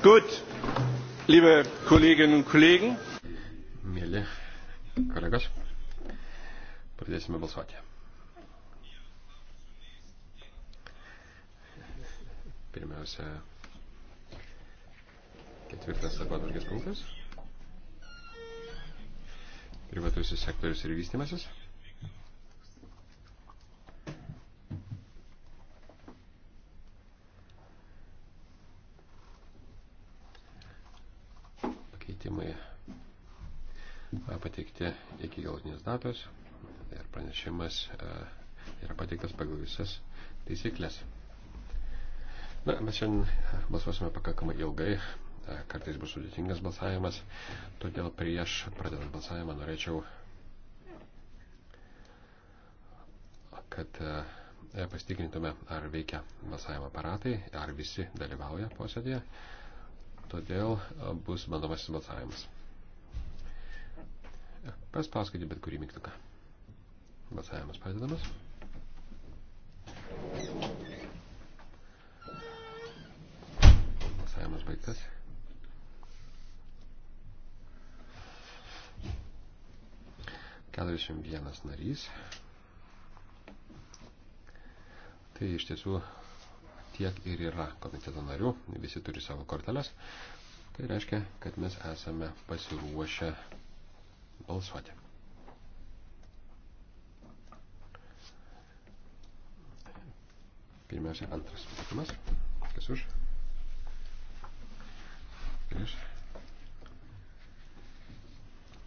Gut, liebe Kolleginnen und Kollegen. Mėly kolegos, pradėsime balsuoti. Pirmiausia, ketvirtas darbotvarkės punktas. Privatusis sektorius ir vystimasis. pakeitimai e, pateikti iki galutinės datos ir pranešimas e, yra pateiktas pagal visas taisyklės. Na, mes šiandien balsuosime pakankamai ilgai, e, kartais bus sudėtingas balsavimas, todėl prieš pradedant balsavimą norėčiau, kad pasitikrintume, ar veikia balsavimo aparatai, ar visi dalyvauja posėdėje. Todėl bus bandomasis balsavimas. Paspauskite bet kurį mygtuką. Balsavimas pradedamas. Balsavimas baigtas. Keturiasdešimt vienas narys. Tai iš tiesų tiek ir yra komiteto narių, visi turi savo korteles. Tai reiškia, kad mes esame pasiruošę balsuoti. Pirmiausia, antras pakeitimas. Kas už? Prieš.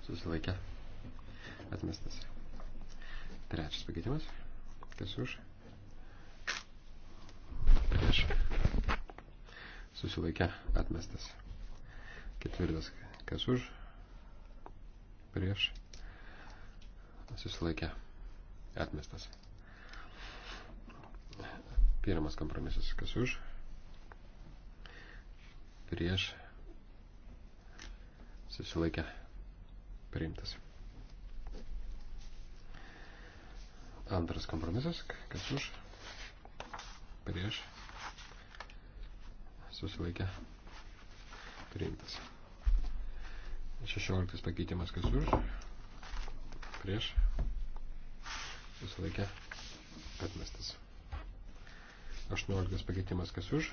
Susilaikę. Atmestas. Trečias pakeitimas. Kas už? prieš. Susilaikė atmestas. Ketvirtas, kas už, prieš. Susilaikė atmestas. Pirmas kompromisas, kas už, prieš. Susilaikė priimtas. Antras kompromisas, kas už, prieš susilaikė priimtas. 16 pakeitimas kas už, prieš, susilaikė atmestas. 18 pakeitimas kas už,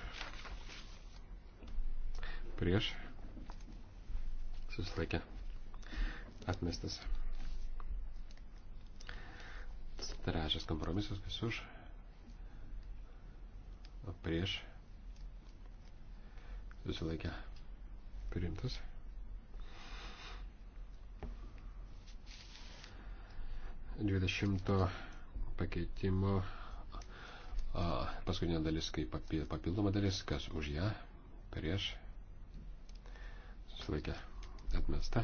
prieš, susilaikė atmestas. Trečias kompromisas kas už, prieš, susilaikė priimtas. Dvidešimto pakeitimo paskutinė dalis kaip papildoma dalis, kas už ją, prieš, susilaikė atmesta.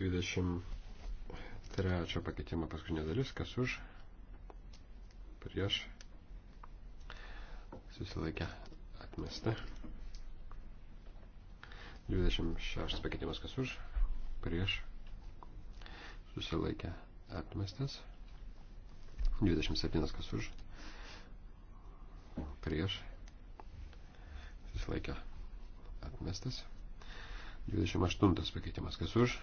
23 pakeitimo paskutinė dalis, kas už, prieš, susilaikė atmesta. 26 pakeitimas kas už, prieš, susilaikė atmestas. 27 kas už, prieš, susilaikė atmestas. 28 pakeitimas kas už,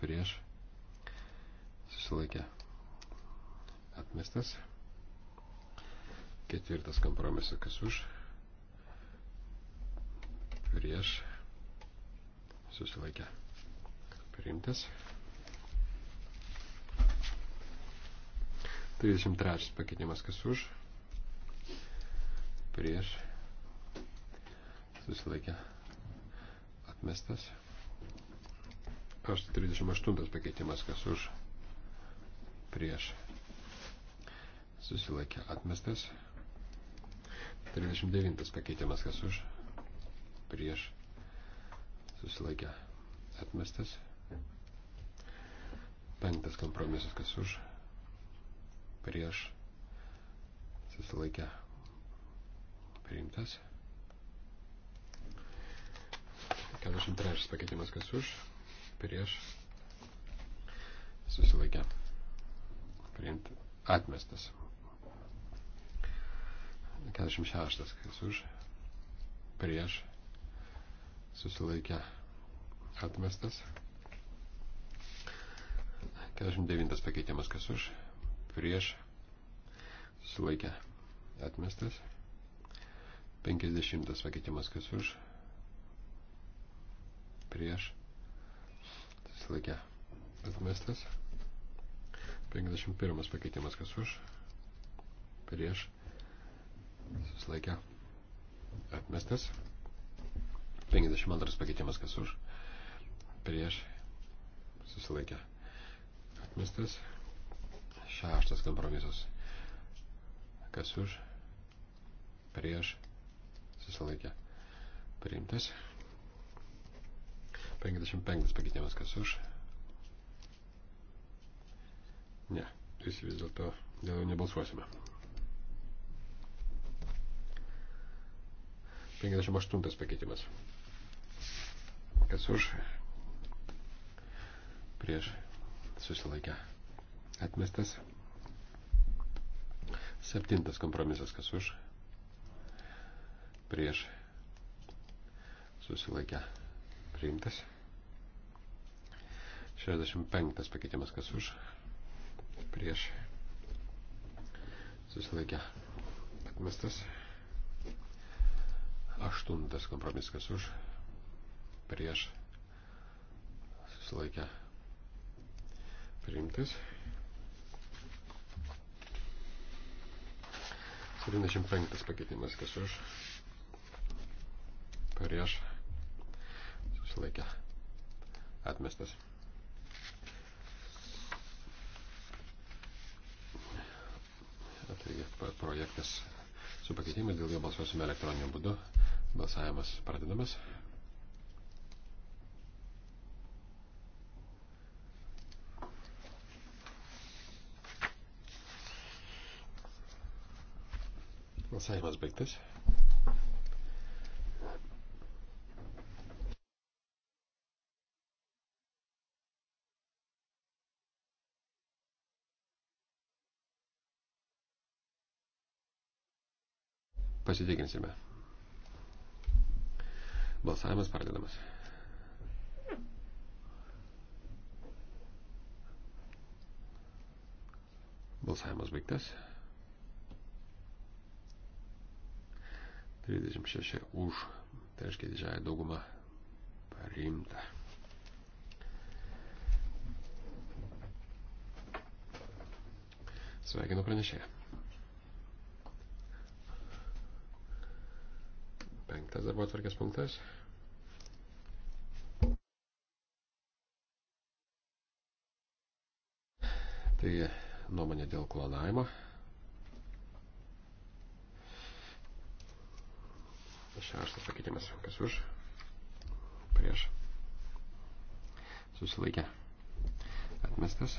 prieš, susilaikė atmestas. Ketvirtas kompromisas, kas už, prieš, susilaikė, priimtas. 33 pakeitimas, kas už, prieš, susilaikė, atmestas. 38 pakeitimas, kas už, prieš, susilaikė, atmestas. 39 pakeitimas, kas už, prieš, susilaikę, atmestas. Penktas kompromisas, kas už, prieš, susilaikę, priimtas. 43 pakeitimas, kas už, prieš, susilaikę, priimtas, atmestas. 46, kas už, prieš, susilaikę, atmestas. 49 pakeitimas, kas už, prieš, susilaikę, atmestas. 50 pakeitimas, kas už, prieš, susilaikę, atmestas. 51 pakeitimas, kas už, prieš, susilaikė, atmestas. 52 pakeitimas, kas už, prieš, susilaikė, atmestas. Šeštas kompromisas, kas už, prieš, susilaikė, priimtas. 55 pakeitimas, kas už. Ne, visi vis dėlto dėl jo nebalsuosime. 58 pakeitimas. Kas už prieš susilaikę atmestas. Septintas kompromisas, kas už prieš susilaikę priimtas. 65 pakeitimas, kas už prieš susilaikę atmestas. Aštuntas kompromisas, kas už, prieš, susilaikę, priimtas. 75 pakeitimas, kas už, prieš, susilaikę, atmestas. Taigi projektas su pakeitimais, dėl jo balsuosime elektroniniu būdu. Balsavimas pradedamas. Balsavimas baigtas. pasitikrinsime. Balsavimas pradedamas. Balsavimas baigtas. 36 už, tai reiškia didžiąją daugumą parimta. Sveikinu pranešėją. penktas darbo atvarkės punktas. Tai nuomonė dėl klonavimo. Šeštas pakeitimas, kas už, prieš, susilaikė, atmestas.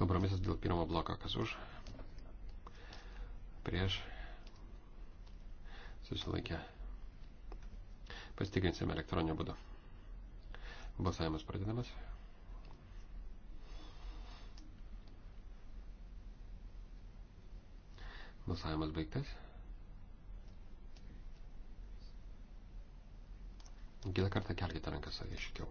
Kompromisas dėl pirmo bloko, kas už, prieš, susilaikė. Pasitikrinsime elektroninio būdu. Balsavimas pradedamas. Balsavimas baigtas. Kitą kartą kelkite rankas aiškiau.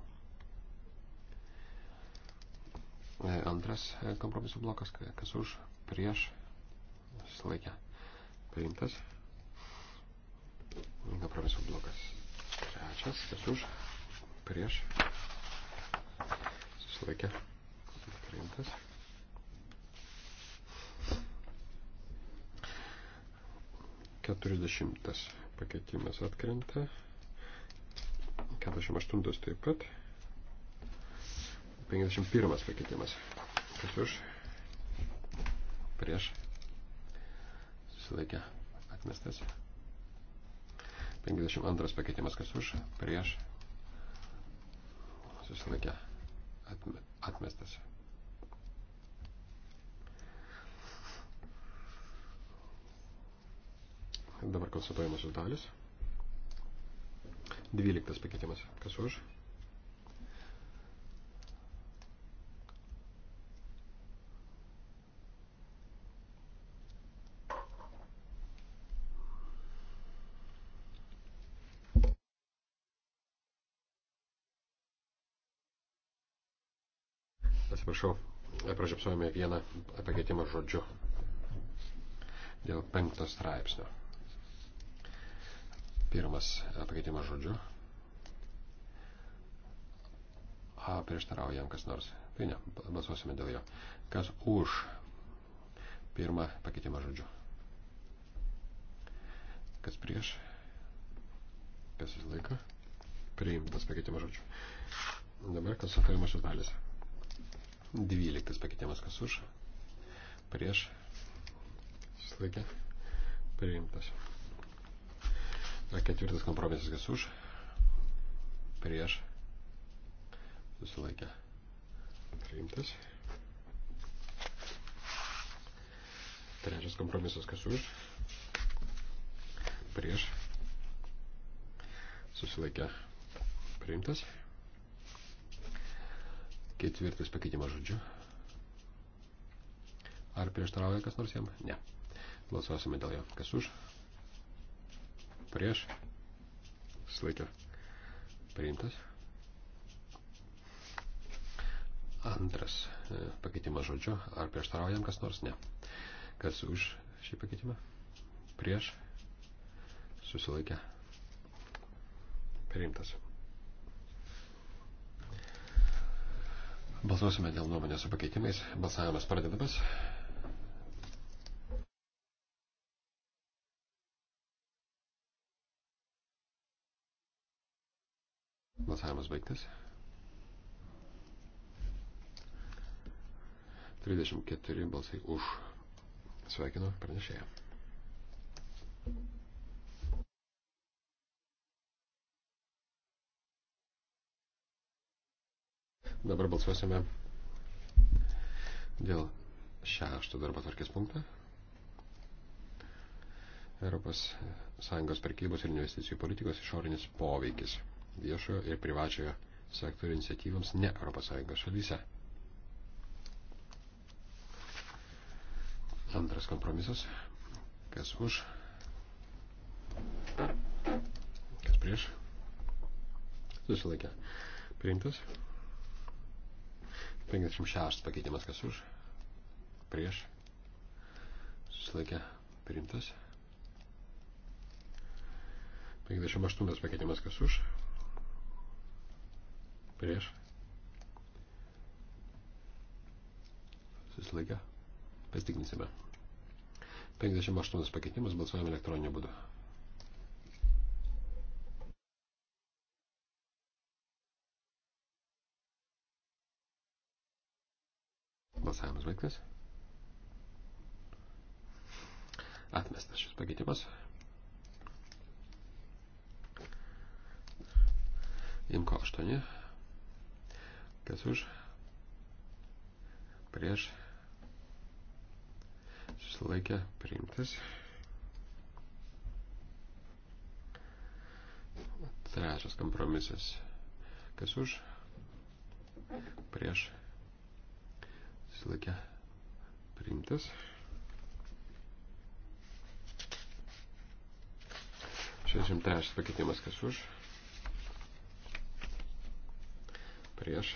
E, antras e, kompromisų blokas, kas už, prieš, susilaikė, priimtas. Kompromisų blokas. Trečias, kas už, prieš, susilaikė, priimtas. Keturisdešimtas pakeitimas atkrenta. 48 taip pat. 51 pakeitimas. Kas už? Prieš. Susilaikė atmestas. 52 pakeitimas kas už, prieš, susilaikė, atmestas. Dabar konstatuojamosios dalis. 12 pakeitimas kas už, atsiprašau, pražiopsojame vieną pakeitimą žodžiu dėl penkto straipsnio. Pirmas pakeitimas žodžiu. A, prieštarauja jam kas nors. Tai ne, balsuosime dėl jo. Kas už pirmą pakeitimą žodžiu? Kas prieš? Kas susilaiko? Priimtas pakeitimas žodžiu. Dabar kas sutarimas iš dalys. 12 pakeitimas kas už, prieš, susilaikė, priimtas. Ketvirtas kompromisas kas už, prieš, susilaikė, priimtas. Trečias kompromisas kas už, prieš, susilaikė, priimtas. Ketvirtas pakeitimas žodžiu. Ar prieštarauja kas nors jam? Ne. Balsuosime dėl jo. Kas už? Prieš? Slaikė. Priimtas. Antras e, pakeitimas žodžiu. Ar prieštaraujam kas nors? Ne. Kas už šį pakeitimą? Prieš? Susilaikė. Priimtas. Balsuosime dėl nuomonės su pakeitimais. Balsavimas pradedamas. Balsavimas baigtas. 34 balsai už. Sveikinu pranešėją. Dabar balsuosime dėl šešto darbo tvarkės punktą. Europos Sąjungos prekybos ir investicijų politikos išorinis poveikis viešojo ir privačiojo sektorių iniciatyvams ne Europos Sąjungos šalyse. Antras kompromisas. Kas už? Kas prieš? Susilaikė. Priimtas. 56 pakeitimas kas už, prieš, susilaikė priimtas. 58 pakeitimas kas už, prieš, susilaikė, pasitikrinsime. 58 pakeitimas balsuojame elektroniniu būdu. Balsavimas baigtas. Atmestas šis pakeitimas. Imko 8. Kas už? Prieš. Susilaikė priimtas. Trečias kompromisas. Kas už? Prieš susilaikė priimtas. Šešim trečias pakeitimas kas už. Prieš.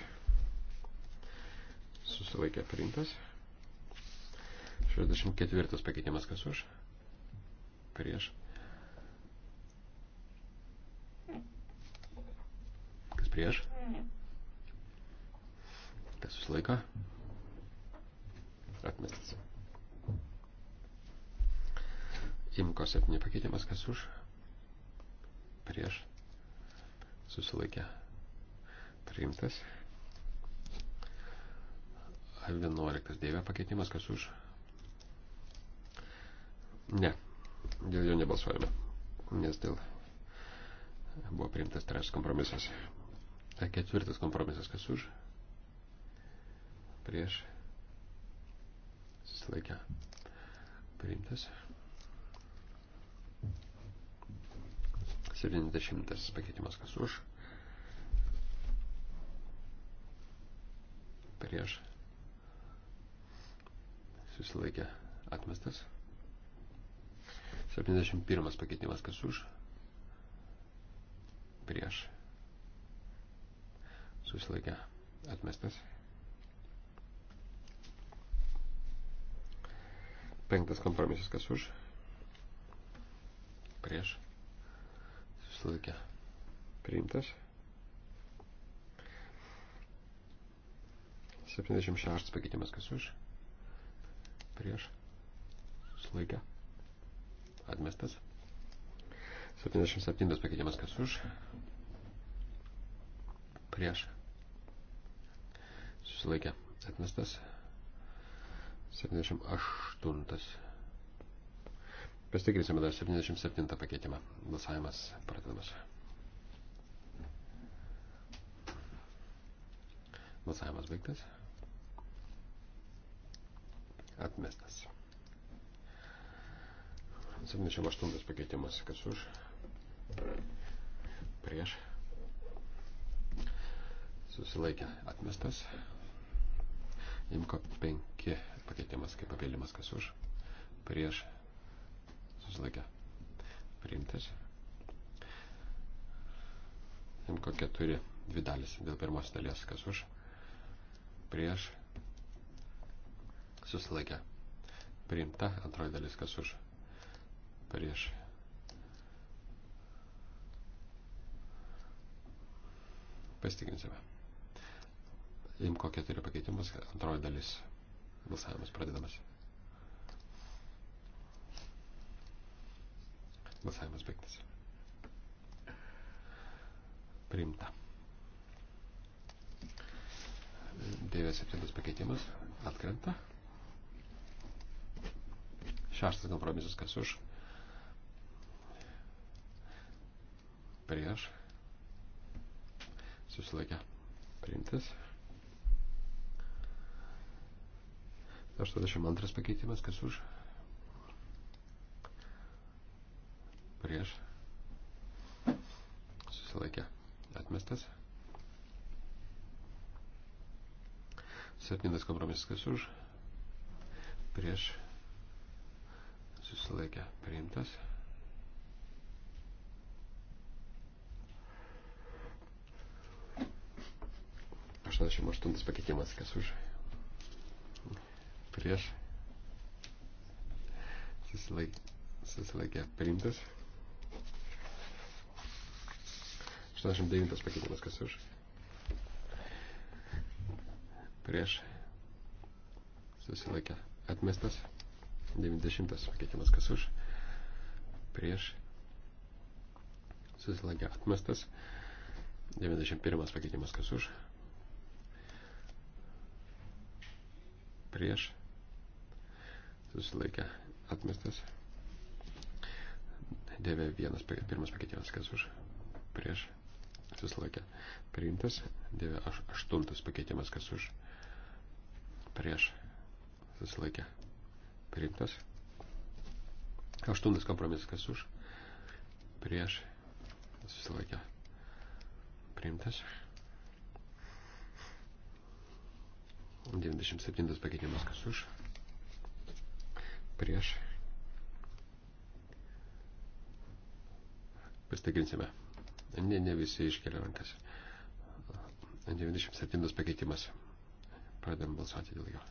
Susilaikė priimtas. 64 pakeitimas kas už. Prieš. Kas prieš? Kas susilaiko? atmestas. Imko 7 pakeitimas, kas už, prieš, susilaikė, priimtas. 11 dėvė pakeitimas, kas už. Ne, dėl jo nebalsuojame, nes dėl buvo priimtas trečias kompromisas. Ketvirtas kompromisas, kas už, prieš, susilaikę priimtas. 70 pakeitimas kas už. Prieš susilaikė atmestas. 71 pakeitimas kas už. Prieš susilaikė atmestas. Penktas kompromisas, kas už? Prieš. Susilaikė. Priimtas. 76 pakeitimas, kas už? Prieš. Susilaikė. Atmestas. 77 pakeitimas, kas už? Prieš. Susilaikė. Atmestas. 78. Pasitikrinsime dar 77 pakeitimą. Balsavimas pradedamas. Balsavimas baigtas. Atmestas. 78 pakeitimas. Kas už? Prieš. Susilaikė. Atmestas. Imko 5 pakeitimas kaip papildymas, kas už, prieš, susilaikė, priimtas. MK4 dvi dalis dėl pirmos dalies, kas už, prieš, susilaikė, priimta, antroji dalis, kas už, prieš. Pasitikinsime. Imko keturi pakeitimus, antroji dalis Balsavimas pradedamas. Balsavimas baigtas. Priimta. 97 pakeitimas atkrenta. Šeštas kompromisas kas už. Prieš. Susilaikė. Priimtas. 82 pakeitimas, kas už? Prieš. Susilaikė. Atmestas. Septintas kompromisas, kas už? Prieš. Susilaikė. Priimtas. Aštuoniasdešimt aštuntas pakeitimas, kas už? prieš susilaikė, susilaikė priimtas. 89 pakeitimas, kas už. Prieš susilaikė atmestas. 90 pakeitimas, kas už. Prieš susilaikė atmestas. 91 pakeitimas, kas už. Prieš susilaikė atmestas. Dėvė vienas, pirmas pakeitimas, kas už prieš susilaikė priimtas. Dėvė aš, aštuntas pakeitimas, kas už prieš susilaikė priimtas. Aštuntas kompromisas, kas už prieš susilaikė priimtas. 97 pakeitimas, kas už prieš. Pastikrinsime. Ne, ne visi iškelia rankas. 97 pakeitimas. Pradėm balsuoti dėl jo.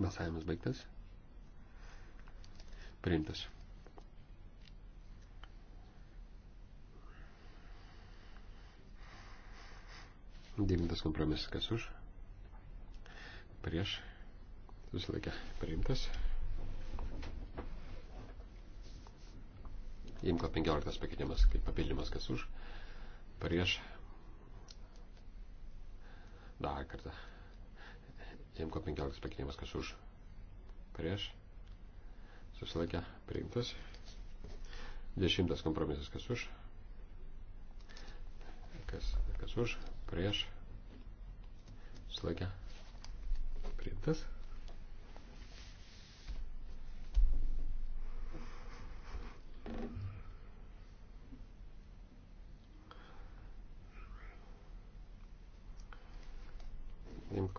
Balsavimas baigtas. Priimtas. Devintas kompromisas kas už? Prieš visą laikę priimtas. Imko 15 pakeitimas kaip papildymas, kas už, prieš. Dar kartą. Imko 15 pakeitimas, kas už, prieš. Susilaikė priimtas. Dešimtas kompromisas, kas už. Kas, kas už, prieš. Susilaikė priimtas.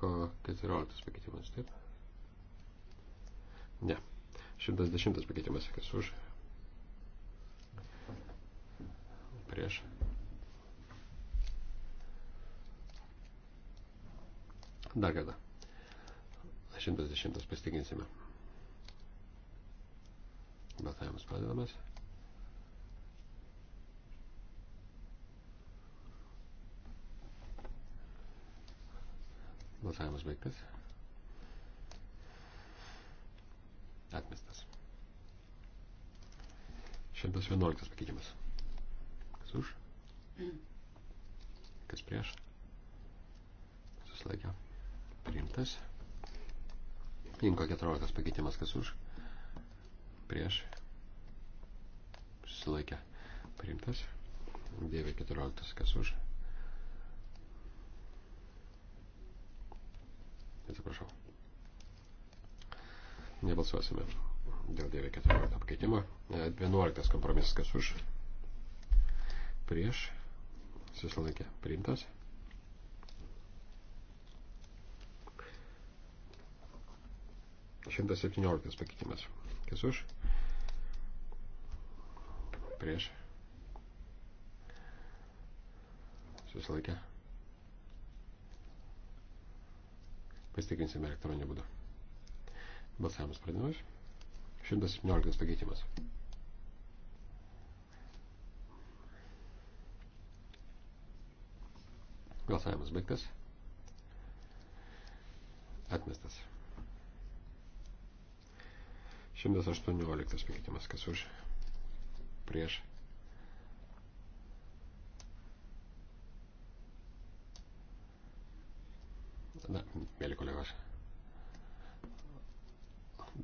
Imko 14 pakeitimas, taip? Ne. 110 pakeitimas, kas už. Prieš. Dar kada. 110 pasitikinsime. Batavimas padedamas. Balsavimas baigtas. Atmestas. 111 pakeitimas. Kas už? Kas prieš? Susilaikė. Priimtas. 514 pakeitimas. Kas už? Prieš. Susilaikė. Priimtas. 914 kas už? Atsiprašau. Nebalsuosime dėl 9.14 pakeitimo. 11 kompromisas kas už. Prieš. Susilaikė. Priimtas. Šimtas septynioliktas pakeitimas. Kas už? Prieš. Susilaikė. Pasitikrinsime elektroninį būdą. Balsavimas pradinamas. 117 pakeitimas. Balsavimas baigtas. Atmestas. 118 pakeitimas. Kas už? Prieš Na, mėly kolegos,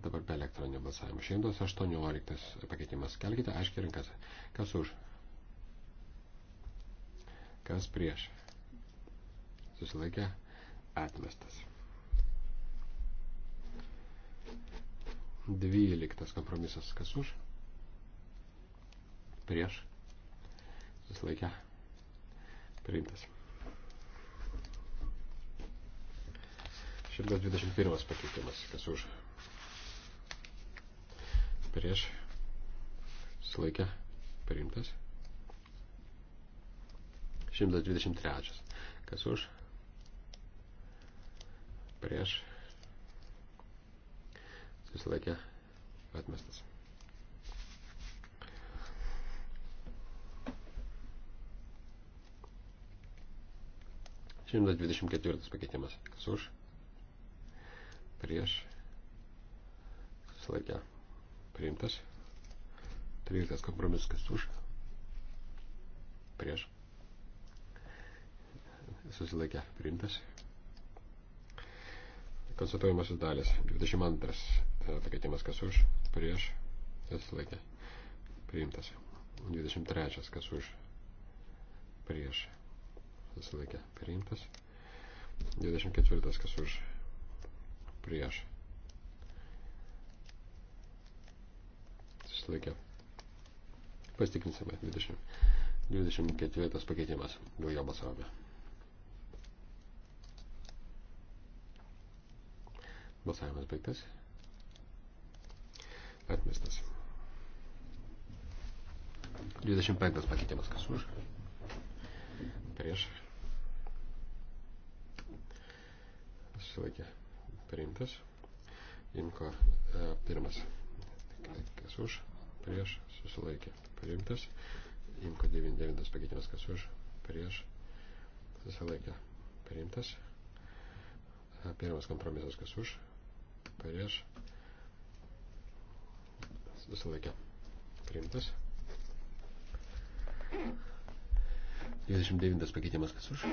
dabar be elektroninio balsavimo. 118 pakeitimas. Kelkite aiškiai rinkas. Kas už? Kas prieš? Susilaikė atmestas. 12 kompromisas. Kas už? Prieš? Susilaikė priimtas. 121 pakeitimas, kas už. Prieš. Sulaikė. Priimtas. 123. Kas už. Prieš. Susilaikė. Atmestas. Šimtas dvidešimt ketvirtas pakeitimas. Kas už? prieš susilaikę priimtas. 13 kompromisas kas už prieš susilaikę priimtas. Konstatuojamasis dalis 22 e, pakeitimas kas už prieš susilaikę priimtas. 23 kas už prieš susilaikę priimtas. 24 kas už prieš prieš. Susilaikė. Pastikrinsime 20. 24 pakeitimas. Dėl jo balsavome. Balsavimas baigtas. Atmestas. 25 pakeitimas. Kas už? Prieš. Susilaikė priimtas. Imko e, pirmas, kas už, prieš, susilaikė, priimtas. Imko 99 pakeitimas, kas už, prieš, susilaikė, priimtas. E, pirmas kompromisas, kas už, prieš, susilaikė, priimtas. 29 pakeitimas, kas už,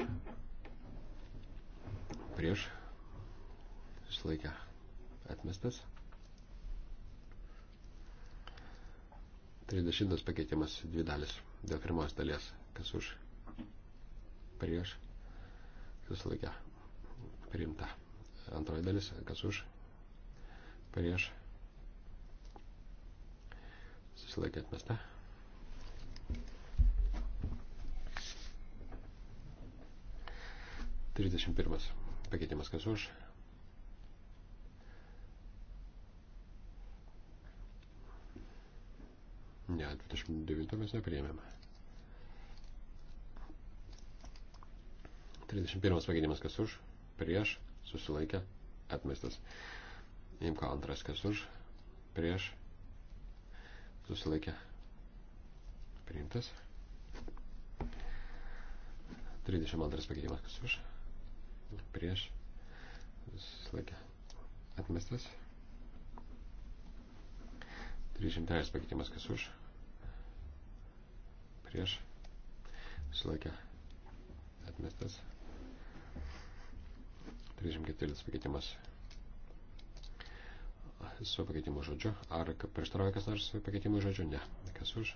prieš, išlaikė atmestas. 30 pakeitimas dvi dalis. Dėl pirmos dalies, kas už prieš, susilaikė priimta. Antroji dalis, kas už prieš, susilaikė atmesta. Trisdešimt pirmas pakeitimas, kas už Ne, 29 mes nepriėmėme. 31 pagėdimas kas už, prieš, susilaikė, atmestas. Imko antras kas už, prieš, susilaikė, priimtas. 32 pagėdimas kas už, prieš, susilaikė, atmestas. 33 pakeitimas kas už, prieš susilaikę atmestas. 34 pakeitimas su pakeitimu žodžiu. Ar prieštarauja kas nors su pakeitimu žodžiu? Ne. Kas už?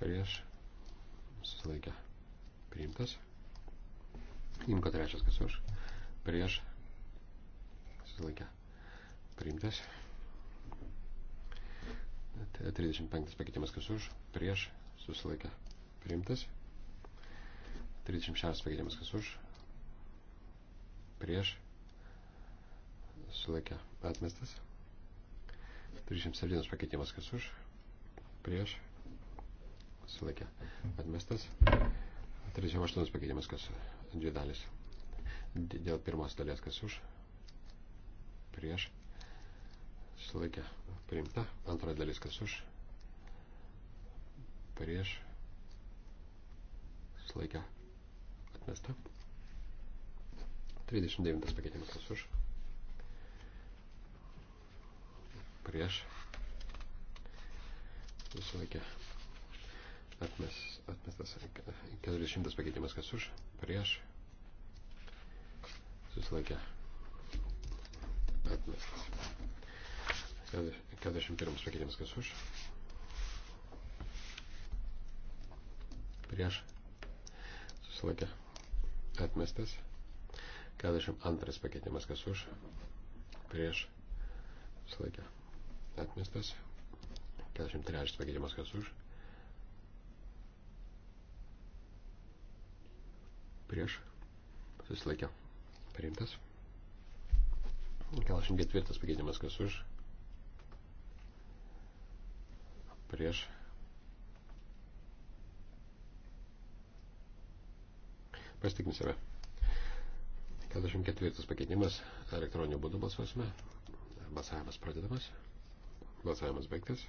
Prieš susilaikę priimtas. Imko trečias kas už. Prieš susilaikę priimtas. 35 pakeitimas kas už. Prieš susilaikė priimtas. 36 pakeitimas kas už, prieš, susilaikė atmestas. 37 pakeitimas kas už, prieš, susilaikė atmestas. 38 pakeitimas kas dvi dalis. Dėl pirmos dalies kas už, prieš, susilaikė priimta. Antra dalis kas už, prieš prieš slaikę atmesta. 39 pakeitimas kas už. Prieš visą laikę atmes, atmestas 40 pakeitimas kas už. Prieš susilaikę atmestas. 41 pakeitimas kas už. prieš susilaikė atmestas. 42 pakeitimas kas už prieš susilaikė atmestas. 43 pakeitimas kas už prieš susilaikė priimtas. 44 pakeitimas kas už prieš Pasitikinsime. 44 pakeitimas. Elektroniniu būdu balsuosime. Balsavimas pradedamas. Balsavimas baigtas.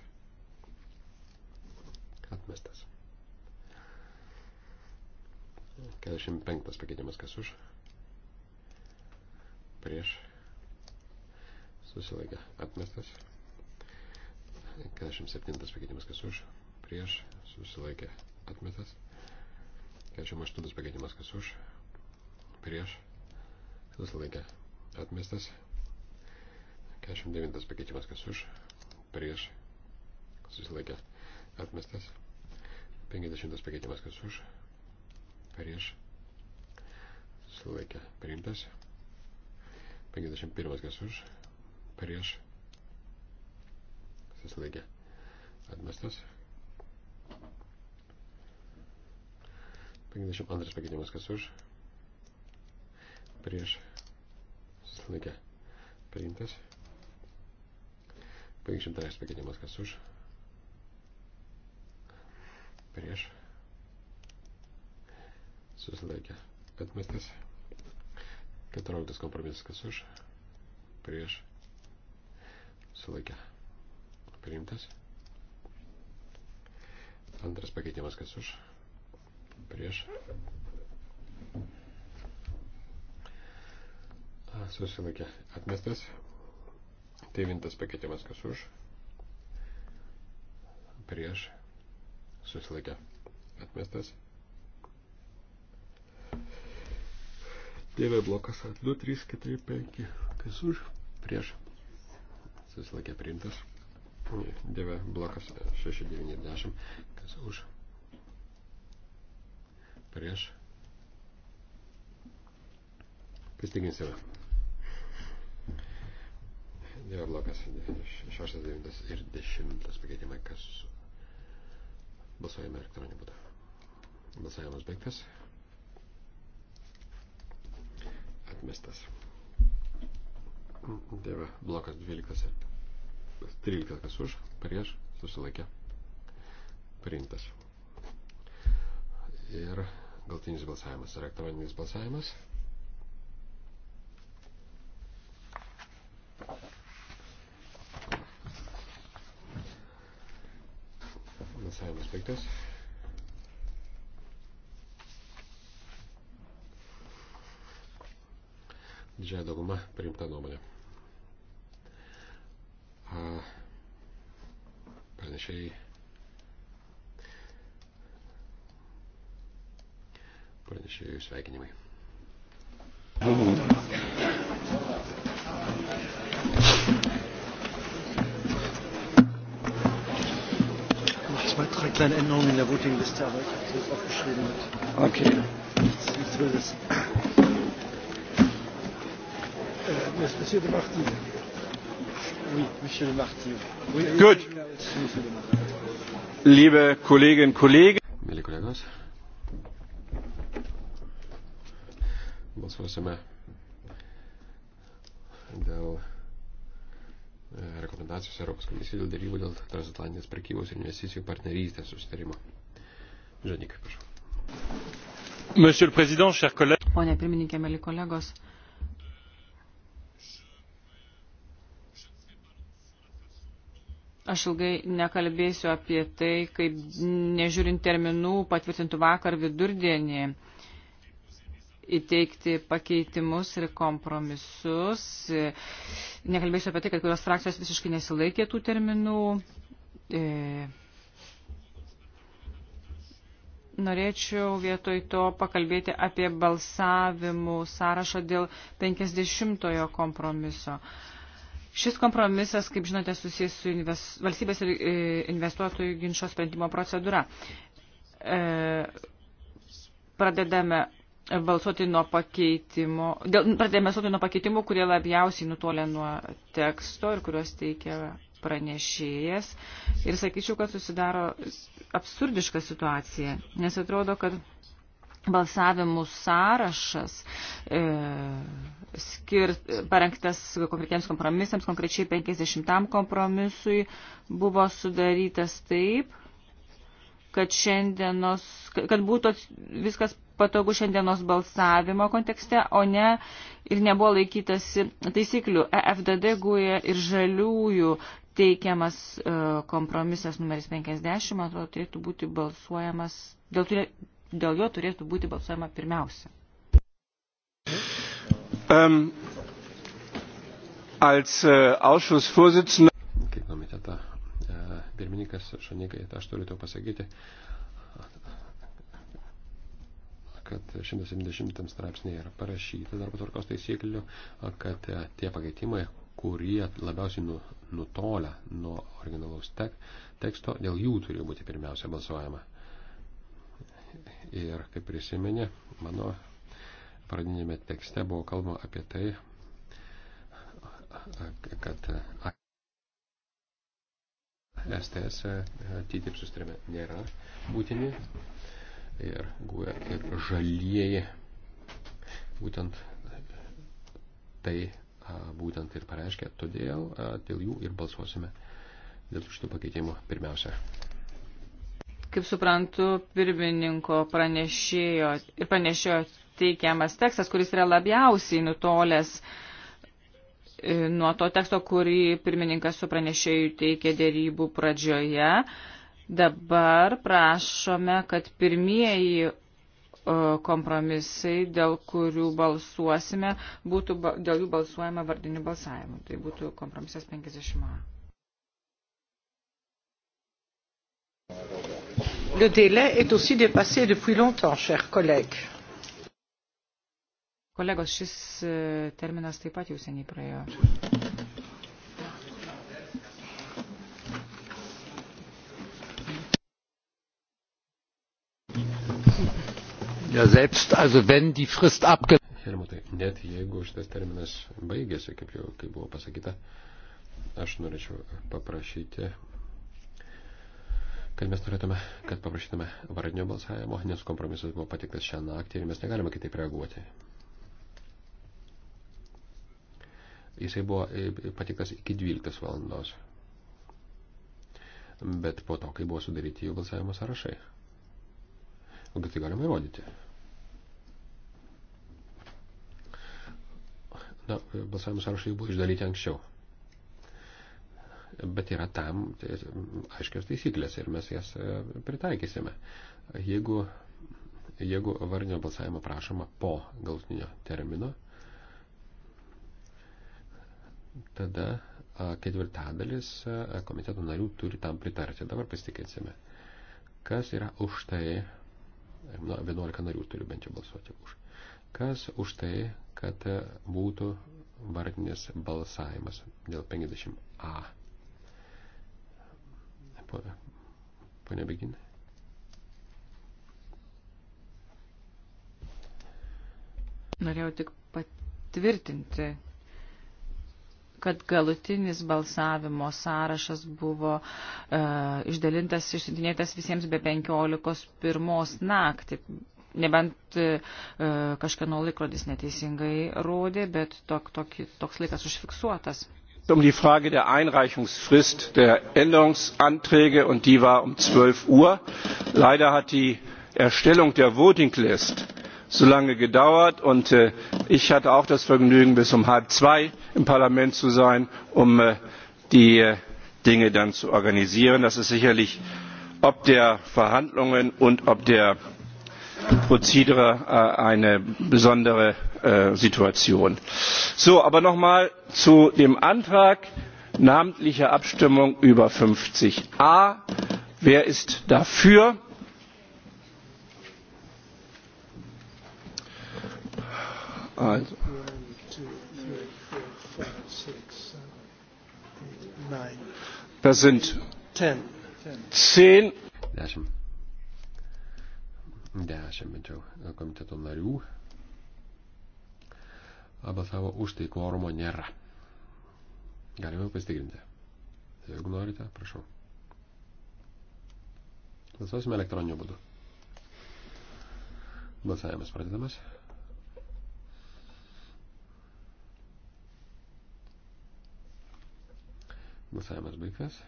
Atmestas. 45 pakeitimas kas už. Prieš. Susilaikė. Atmestas. 47 pakeitimas kas už. Prieš. Susilaikė. Atmestas. 48 pakeitimas kas už, prieš, susilaikė atmestas. 49 pakeitimas kas už, prieš, susilaikė atmestas. 50 pakeitimas kas už, prieš, susilaikė priimtas. 51 kas už, prieš, susilaikė atmestas. 52 pakeitimas kas už. Prieš susilaikę priimtas. 53 pakeitimas kas už. Prieš susilaikę atmestas. 14 kompromisas kas už. Prieš susilaikę priimtas. Antras pakeitimas kas už prieš. Susilaikė atmestas. Devintas pakeitimas kas už. Prieš. Susilaikė atmestas. Tėvė blokas 2, 3, 4, 5. Kas už? Prieš. Susilaikė priimtas. Dėvė blokas 690, kas už prieš. Pristiginsime. Dievo blokas, 6, 9 ir 10 pakeitimai, kas balsuojame elektroninį būdą. Balsavimas baigtas. Atmestas. Dieve, tai blokas 12. 13 kas už, prieš, susilaikė. Priimtas. Ir Galtinis balsavimas, elektroninis balsavimas. Balsavimas baigtas. Didžiąją daugumą priimta nuomonė. Pranešėjai pranešėjų sveikinimai. Zwei, drei kleine Änderungen in der Votingliste, aber ich habe sie jetzt aufgeschrieben. Mit okay. Nichts, nichts Wildes. Euh, monsieur de Martin. Oui, Monsieur de Martin. Oui, Gut. Liebe Kolleginnen und Kollegen. Mėly kolegos. balsuosime dėl e, rekomendacijos Europos komisijos dėl darybų dėl transatlantinės prekybos ir investicijų partnerystės susitarimo. Žanik, prašau. Monsieur le Président, chers collègues. Pone pirmininkė, mėly kolegos. Aš ilgai nekalbėsiu apie tai, kaip nežiūrint terminų patvirtintų vakar vidurdienį įteikti pakeitimus ir kompromisus. Nekalbėsiu apie tai, kad kurios frakcijos visiškai nesilaikė tų terminų. E, norėčiau vietoj to pakalbėti apie balsavimų sąrašą dėl 50-ojo kompromiso. Šis kompromisas, kaip žinote, susijęs su invest... valstybės ir e, investuotojų ginčio sprendimo procedūra. E, pradedame balsuoti nuo pakeitimų, dėl, pradėjome balsuoti nuo pakeitimų, kurie labiausiai nutolė nuo teksto ir kuriuos teikia pranešėjas. Ir sakyčiau, kad susidaro absurdiška situacija, nes atrodo, kad balsavimų sąrašas e, skirt, parengtas konkretiems kompromisams, konkrečiai 50 kompromisui, buvo sudarytas taip, kad šiandienos, kad būtų viskas patogu šiandienos balsavimo kontekste, o ne ir nebuvo laikytasi taisyklių. EFDD guja e ir žaliųjų teikiamas e, kompromisas numeris 50, man atrodo, turėtų būti balsuojamas, dėl, turė, dėl jo turėtų būti balsuojama pirmiausia. Um, als äh, Ausschussvorsitzender. Kaip komiteto äh, pirmininkas Šanikai, aš turiu tau pasakyti, kad 170 straipsnėje yra parašyta darbo tvarkos taisyklių, kad e, tie pakeitimai, kurie labiausiai nu, nutolia nuo originalaus tek, teksto, dėl jų turi būti pirmiausia balsuojama. Ir kaip prisimenė, mano pradinėme tekste buvo kalbama apie tai, kad STS e, TTIP sustrime nėra būtini ir guė ir žalieji. Būtent tai būtent ir pareiškia, todėl dėl jų ir balsuosime dėl šitų pakeitimų pirmiausia. Kaip suprantu, pirmininko pranešėjo ir pranešėjo teikiamas tekstas, kuris yra labiausiai nutolęs e, nuo to teksto, kurį pirmininkas su pranešėjų teikė dėrybų pradžioje. Dabar prašome, kad pirmieji e, kompromisai, dėl kurių balsuosime, būtų dėl jų balsuojama vardiniu balsavimu. Tai būtų kompromisas 50A. Le délai est aussi dépassé depuis longtemps, chers collègues. Kolegos, šis e, terminas taip pat jau seniai praėjo. Ja, selbst, also wenn die Frist abge... Helmutai, net jeigu šitas terminas baigėsi, kaip jau kaip buvo pasakyta, aš norėčiau paprašyti, kad mes norėtume, kad paprašytume vardinio balsavimo, nes kompromisas buvo patiktas šią naktį ir mes negalime kitaip reaguoti. Jisai buvo e, patiktas iki 12 valandos, bet po to, kai buvo sudaryti jų balsavimo sąrašai. O tai galima įrodyti. Na, balsavimo sąrašai buvo išdalyti anksčiau. Bet yra tam tai, aiškios taisyklės ir mes jas e, pritaikysime. Jeigu, jeigu varnio balsavimo prašoma po galutinio termino, tada e, ketvirtadalis e, komiteto narių turi tam pritarti. Dabar pasitikėsime. Kas yra už tai, na, 11 narių turi bent jau balsuoti už. Kas už tai, kad būtų vardinis balsavimas dėl 50A. Pone Beginai. Norėjau tik patvirtinti, kad galutinis balsavimo sąrašas buvo e, išdalintas, išsidinėtas visiems be 15 pirmos naktį nebent e, e, kažkieno laikrodis neteisingai rodė, bet tok, tok, toks laikas užfiksuotas. Um die Frage der Einreichungsfrist der Änderungsanträge und die war um 12 Uhr. Leider hat die Erstellung der Voting List so lange gedauert und äh, ich hatte auch das Vergnügen, bis um halb zwei im Parlament zu sein, um äh, die äh, Dinge dann zu organisieren. Das ist sicherlich ob der Verhandlungen und ob der prozedere äh, eine besondere äh, situation. So, aber nochmal zu dem antrag namentliche abstimmung über fünfzig a wer ist dafür? Also. Das sind zehn dešimt bent jau e, komiteto narių balsavo už tai kvorumo nėra. Galime pasitikrinti. Jeigu norite, prašau. Balsuosime elektroniniu būdu. Balsavimas pradedamas. Balsavimas baigtas.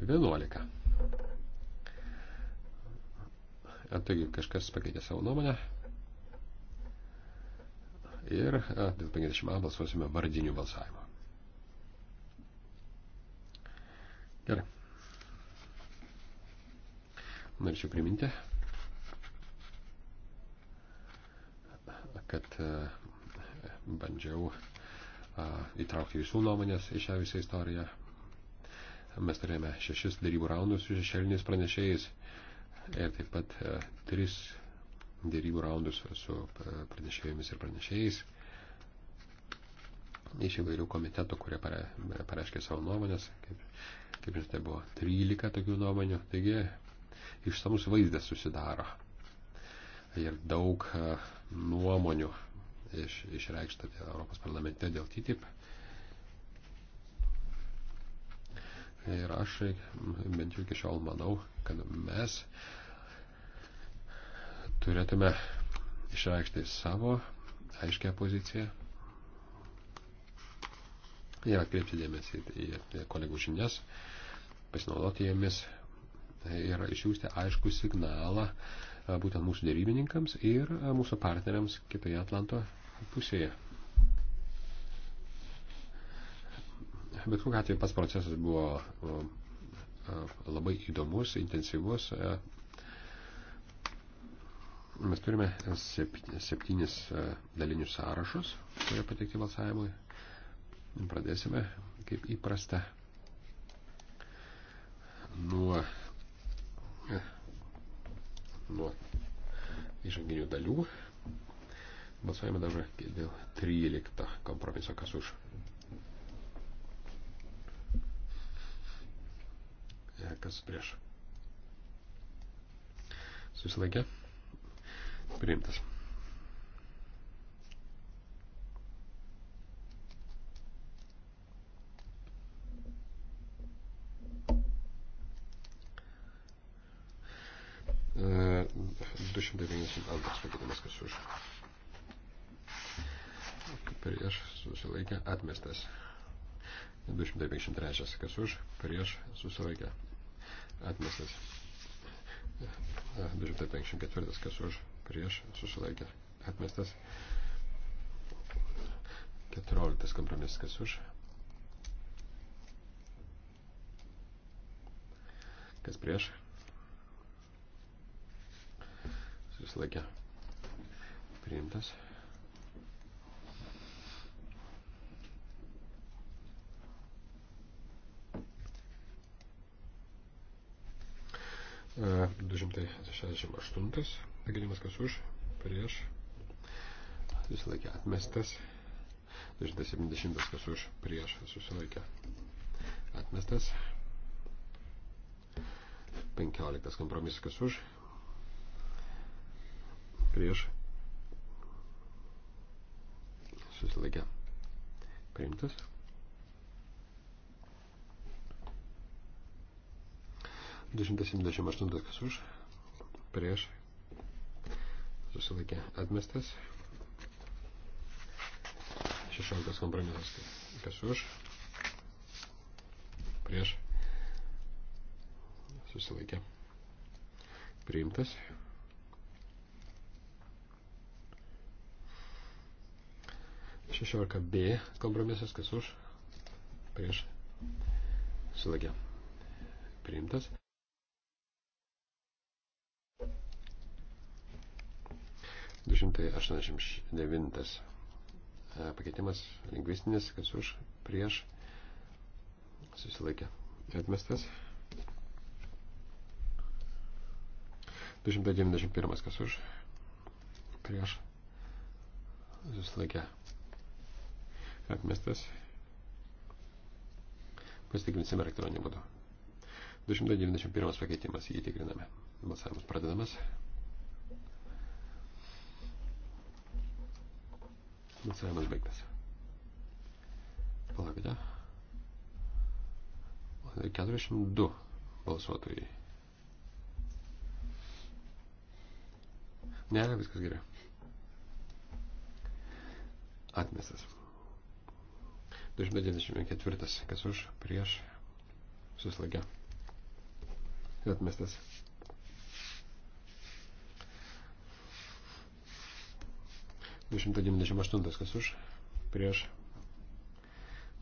11. Ar taigi kažkas pakeitė savo nuomonę? Ir dėl 50 balsuosime vardinių balsavimo. Gerai. Norėčiau priminti, kad bandžiau įtraukti visų nuomonės į šią visą istoriją. Mes turėjome šešis darybų raundus su šešėliniais pranešėjais ir taip pat e, tris dėrybų raundus su e, pranešėjomis ir pranešėjais iš įvairių komitetų, kurie e, pareiškė savo nuomonės. Kaip, kaip žinote, buvo 13 tokių nuomonių, taigi išsamus vaizdas susidaro. Ir daug nuomonių iš, išreikšta Europos parlamente dėl TTIP. Ir aš bent jau iki šiol manau, kad mes uh, turėtume išreikšti savo aiškę poziciją ir atkreipti dėmesį į, į kolegų žinias, pasinaudoti jomis ir išsiųsti aišku signalą būtent mūsų dėrybininkams ir mūsų partneriams kitoje Atlanto pusėje. Bet kokiu atveju pats procesas buvo labai įdomus, intensyvus, Mes turime septynis e, dalinius sąrašus, kurie pateikti balsavimui. Pradėsime, kaip įprasta, nuo, e, nuo įžanginių dalių. Balsavime dabar dėl 13 kompromiso, kas už. E, kas prieš? Susilaikė? Priimtas. E, 292 pakeitimas, kas už. Prieš susilaikė atmestas. 253, kas už, prieš susilaikė atmestas. 254, e, kas už, prieš susilaikė atmestas. 14 kompromisas kas už. Kas prieš susilaikė priimtas. E, uh, 268 Pakeitimas kas už, prieš, susilaikė atmestas. 270 kas už, prieš, susilaikė atmestas. 15 kompromisas kas už, prieš, susilaikė priimtas. Dešimtas, dvidešimt aštuntas kas už, prieš, susilaikė atmestas. 16 kompromisas. Kas už? Prieš. Susilaikė. Priimtas. Šešiolika B kompromisas, kas už, prieš, sulaikė, priimtas. 289 e, pakeitimas lingvistinis, kas už, prieš, susilaikė. Atmestas. 291 kas už, prieš, susilaikė. Atmestas. Pasitikrinsime elektroninį būdu. 291 pakeitimas įtikriname. Balsavimas pradedamas. Balsavimas baigtas. Palaukite. 42 balsuotojai. Ne, viskas gerai. Atmestas. 294. Kas už, prieš, suslagė. Atmestas. 298 kas už, prieš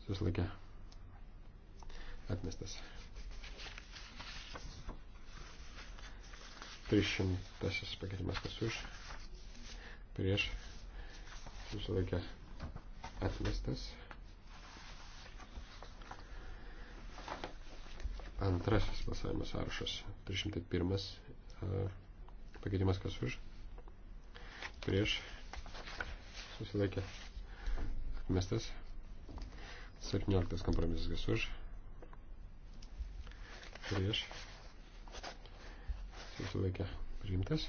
susilaikė atmestas. 300 pakeitimas kas už, prieš susilaikė atmestas. Antrasis balsavimo sąrašas 301 pakeitimas kas už, prieš susilaikė atmestas. 17 kompromisas kas už. Prieš. Susilaikė priimtas.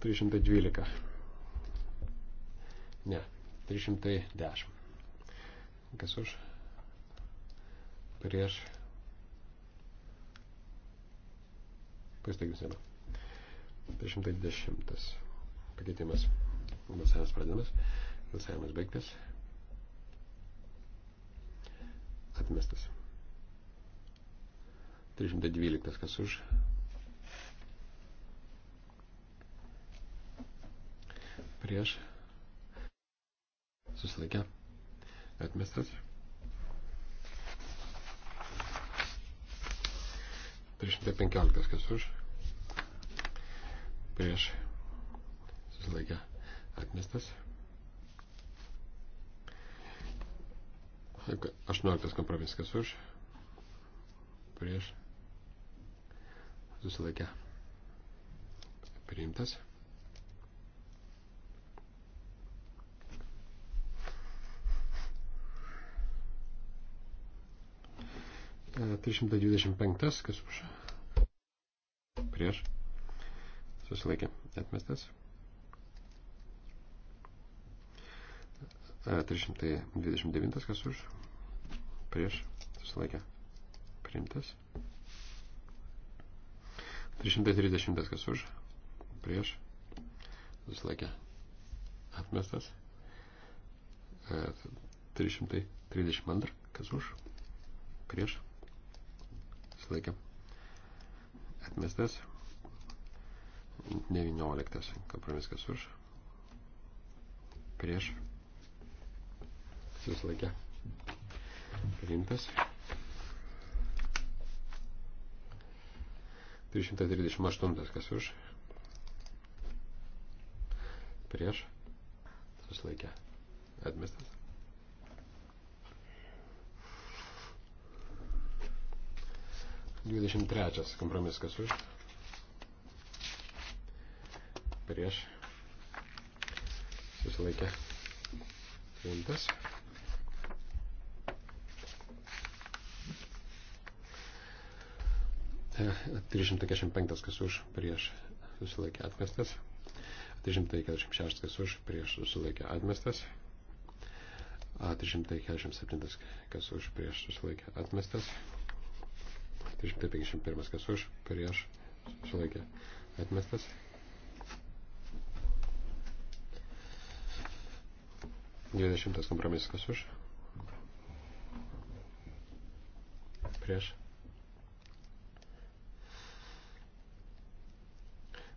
Trys šimtai dvylika. Ne, trys šimtai dešimt. Kas už? Prieš. Pasteigim seną. 320 pakeitimas. Balsavimas pradedamas. Balsavimas baigtas. Atmestas. 312 kas už. Prieš. Susilaikę. Atmestas. 315 kas už prieš susilaikę atmestas. 18 kompromisas kas už prieš susilaikę priimtas. E, 325 kas už prieš susilaikė atmestas. 329 kas už, prieš, susilaikė priimtas. 330 kas už, prieš, susilaikė atmestas. 332 kas už, prieš, susilaikė atmestas. 19. Kompromis kas už. Prieš. Susilaikė. Priimtas. 338 kas už. Prieš. Susilaikė. Atmestas. Dvidešimt trečias kompromisas už prieš susilaikė priimtas. E, 345 kas už prieš susilaikė atmestas. 346 kas už prieš susilaikė atmestas. A, 347 kas už prieš susilaikė atmestas. 351 kas už prieš susilaikė atmestas. 20 kompromisas kas už. Prieš.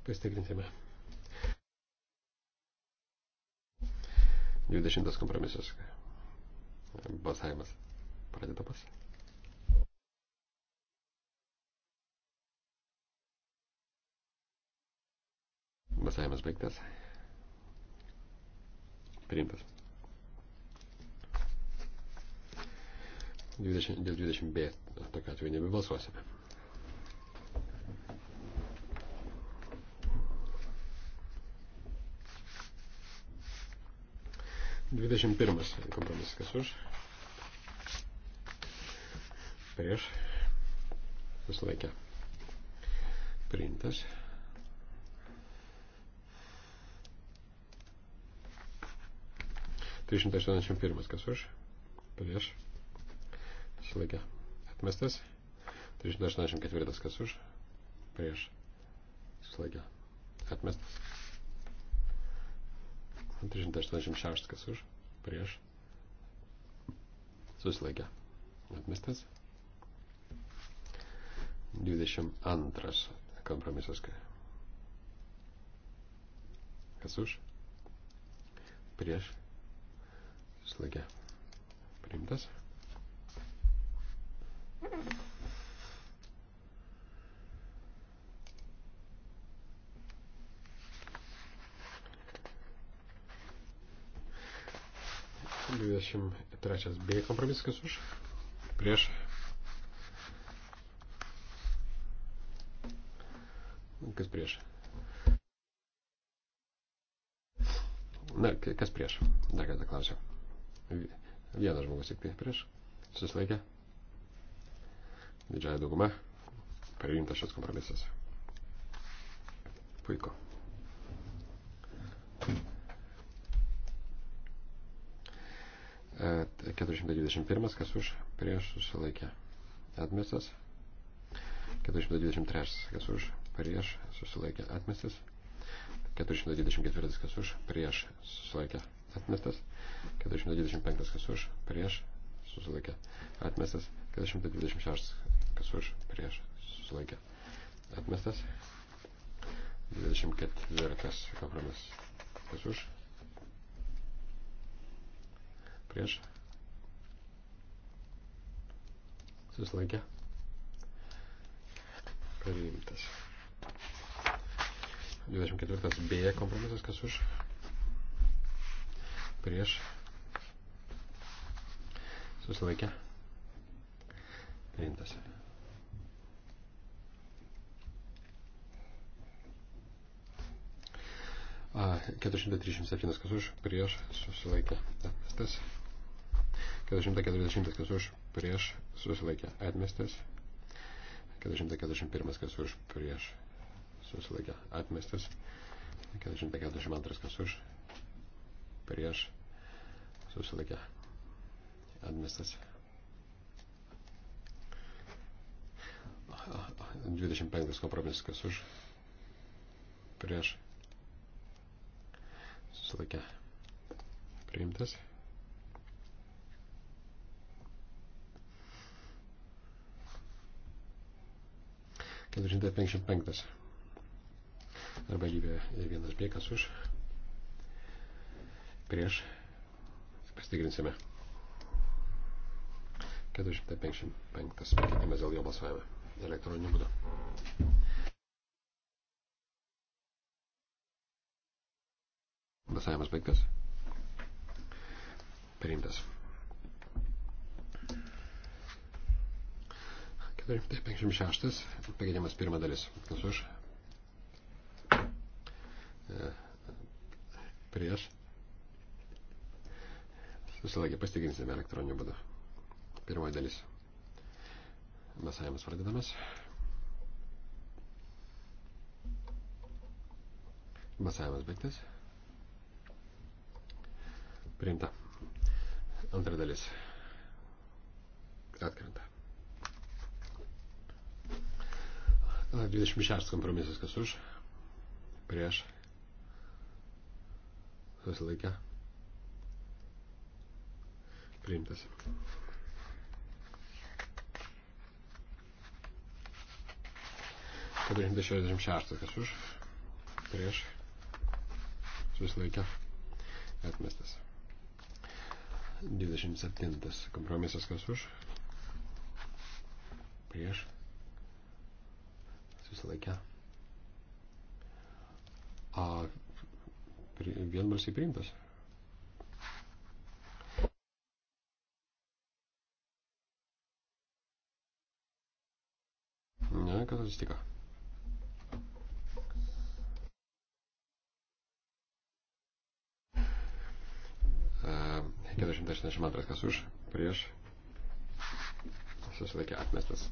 Pasitikrinkime. 20 kompromisas. Balsavimas pradedamas. Balsavimas baigtas. Priimtas. 20, dėl 20b tokia atveju nebebalsuosime. Dvidešimt pirmas kompromisas, kas už? Prieš. Visą laikę. Priimtas. Trišimtas aštuoniasdešimt pirmas, kas už? Prieš. Sulaikė. Atmestas. 384 kas už. Prieš. Sulaikė. Atmestas. 386 kas už. Prieš. Susilaikė. Atmestas. 22 kompromisas. Kas už? Prieš. Susilaikė. Priimtas. 23 B kompromisas už. Prieš. Kas prieš? Na, kas prieš? Dar kartą klausiu. Vienas žmogus tik prieš. Susilaikė didžiaja dauguma priimtas šis kompromisas. Puiku. E, 421, kas už, prieš susilaikė. Atmestas. 423, kas už, prieš susilaikė. Atmestas. 424, kas už, prieš susilaikė. Atmestas. 425, kas už, prieš susilaikė. Atmestas. 426, kas už prieš susilaikė atmestas. 24 kompromis, kas už prieš susilaikė priimtas. 24 B kompromisas, kas už prieš susilaikė priimtas. 437 kas už, prieš susilaikė atmestas. 440 kas už, prieš susilaikė atmestas. 441 kas už, prieš susilaikė atmestas. 442 kas už, prieš susilaikė atmestas. 25 kompromisas kas už, prieš Sulaikė. Priimtas. Keturintas penkšim penktas. Arba gyvė vienas bėgas už. Prieš. Pasitikrinsime. 455 pakeitimas dėl jo balsavimo elektroniniu būdu. Balsavimas baigtas. Priimtas. 456. Pagėdimas pirma dalis. Kas už? E, prieš. Susilaikė, pasitikinsime elektroniniu būdu. Pirmoji dalis. Balsavimas pradedamas. Balsavimas baigtas. Priimta. Antra dalis. Atkrenta. 26 kompromisas kas už. Prieš. Susilaikę. Priimtas. Keturišimtas šešdešimt šeštas kas už prieš susilaikę atmestas. 27 kompromisas kas už prieš susilaikę a vienbalsiai priimtas ne kas atsitiko 482 kas už, prieš, susilaikė atmestas.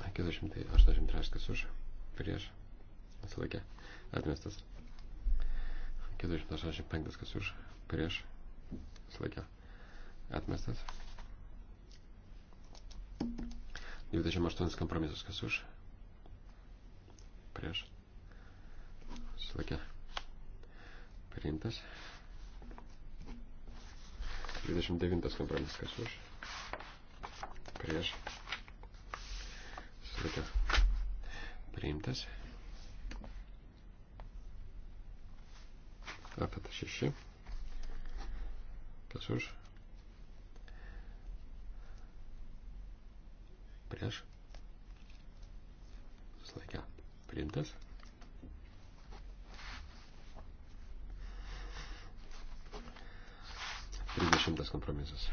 483 kas už, prieš, susilaikė atmestas. 485 kas už, prieš, susilaikė atmestas. 28 kompromisas kas už, prieš, susilaikė priimtas. 39 kompromisas, kas už, prieš, susilaikė, priimtas. Apie tą šeši, kas už, prieš, susilaikė, priimtas. 30 kompromisas.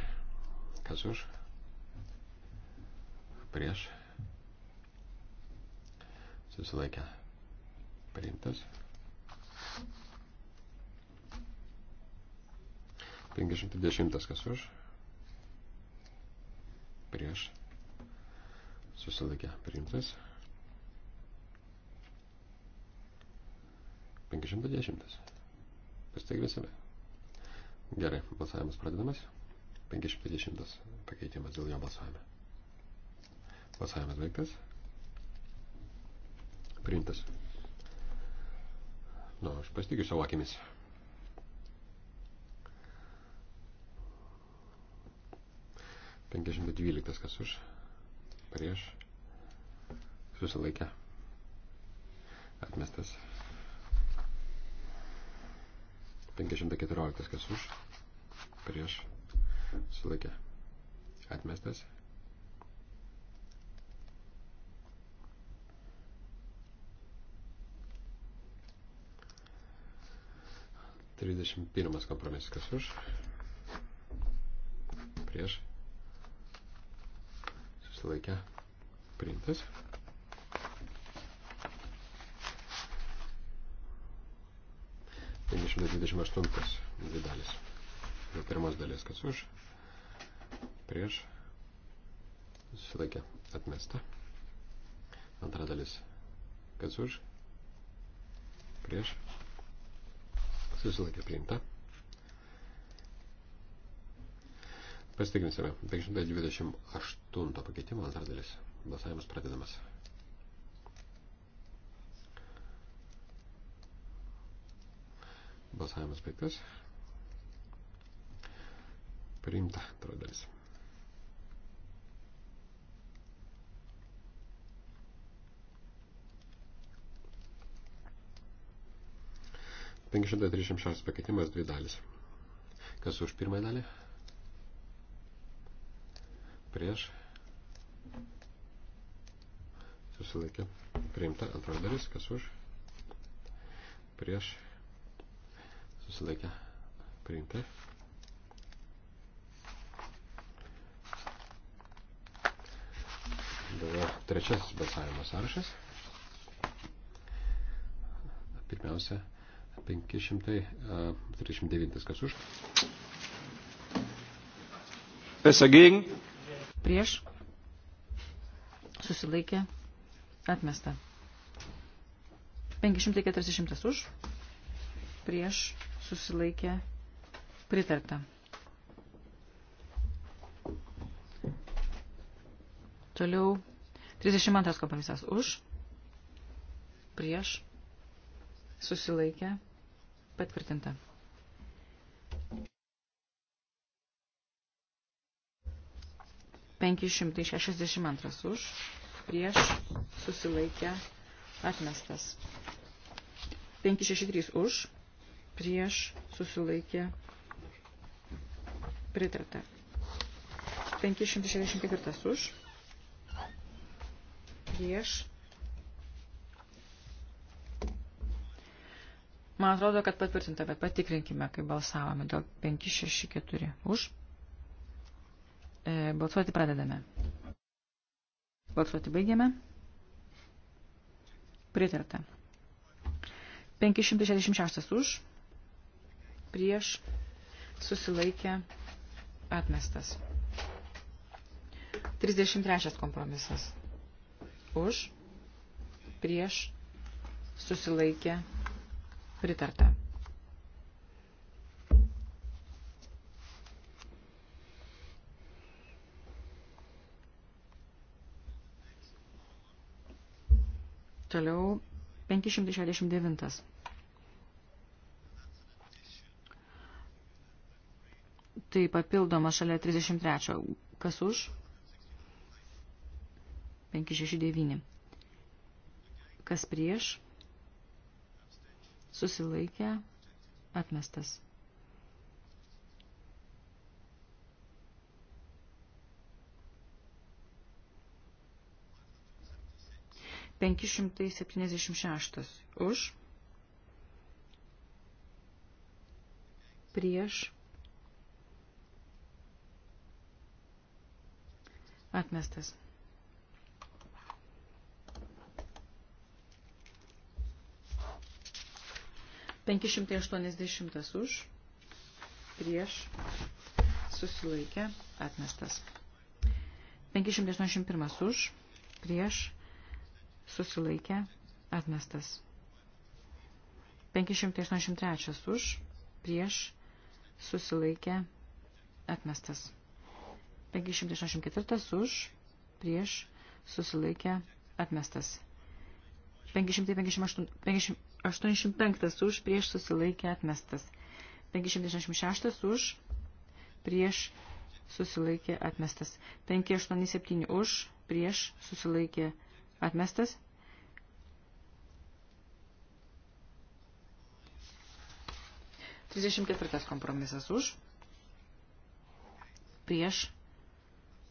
Kas už? Prieš. Susilaikę. Priimtas. 510 kas už. Prieš. Susilaikę. Priimtas. 510. Pasteigvėsime. Gerai, balsavimas pradedamas. 510 pakeitimas dėl jo balsavime. Balsavimas baigtas. Priimtas. Nu, aš pasitikiu savo akimis. Penkiasdešimt dvyliktas kas už, prieš, susilaikę, atmestas. 514 kas už, prieš, sulaikė, atmestas. Trisdešimt pirmas kompromisas kas už, prieš, susilaikė, priimtas. 128 dvi dalis. Dėl pirmos dalies, kas už, prieš, susilaikė, atmesta. Antra dalis, kas už, prieš, susilaikė, priimta. Pasitikrinsime, 528 pakeitimo antra dalis. Balsavimas pradedamas. Balsavimas baigtas. Priimta antra dalis. Penkišimtai trisdešimt šeštas pakeitimas dvi dalis. Kas už pirmąją dalį? Prieš. Susilaikė. Priimta antroji dalis. Kas už? Prieš susilaikė priimta. Dabar trečiasis balsavimo sąrašas. Pirmiausia, 539 kas už. Pesagėgin. Prieš. Susilaikė. Atmesta. 540 už. Prieš susilaikė pritarta. Toliau 32 kompromisas už, prieš, susilaikė, patvirtinta. Penki šimtai šešiasdešimt antras už, prieš, susilaikė, atmestas. Penki šeši trys už, prieš susilaikė pritarta. 564 už prieš. Man atrodo, kad patvirtinta, bet patikrinkime, kai balsavome dėl 564 už. E, balsuoti pradedame. Balsuoti baigiame. Pritarta. 566 už prieš susilaikė atmestas. 33 kompromisas. Už, prieš, susilaikė, pritarta. Toliau 569. tai papildoma šalia 33. Kas už? 569. Kas prieš? Susilaikė. Atmestas. Penki šimtai septyniasdešimt šeštas. Už. Prieš Atmestas. Penki šimtai aštuonisdešimtas už, prieš, susilaikė, atmestas. Penki šimtai aštuoniasdešimt pirmas už, prieš, susilaikė, atmestas. 583 už, prieš, susilaikė, atmestas. 564 už, prieš, susilaikė, atmestas. 585 už, prieš, susilaikė, atmestas. 566 už, prieš, susilaikė, atmestas. 587 už, prieš, susilaikė, atmestas. Trisdešimt ketvirtas kompromisas už, prieš,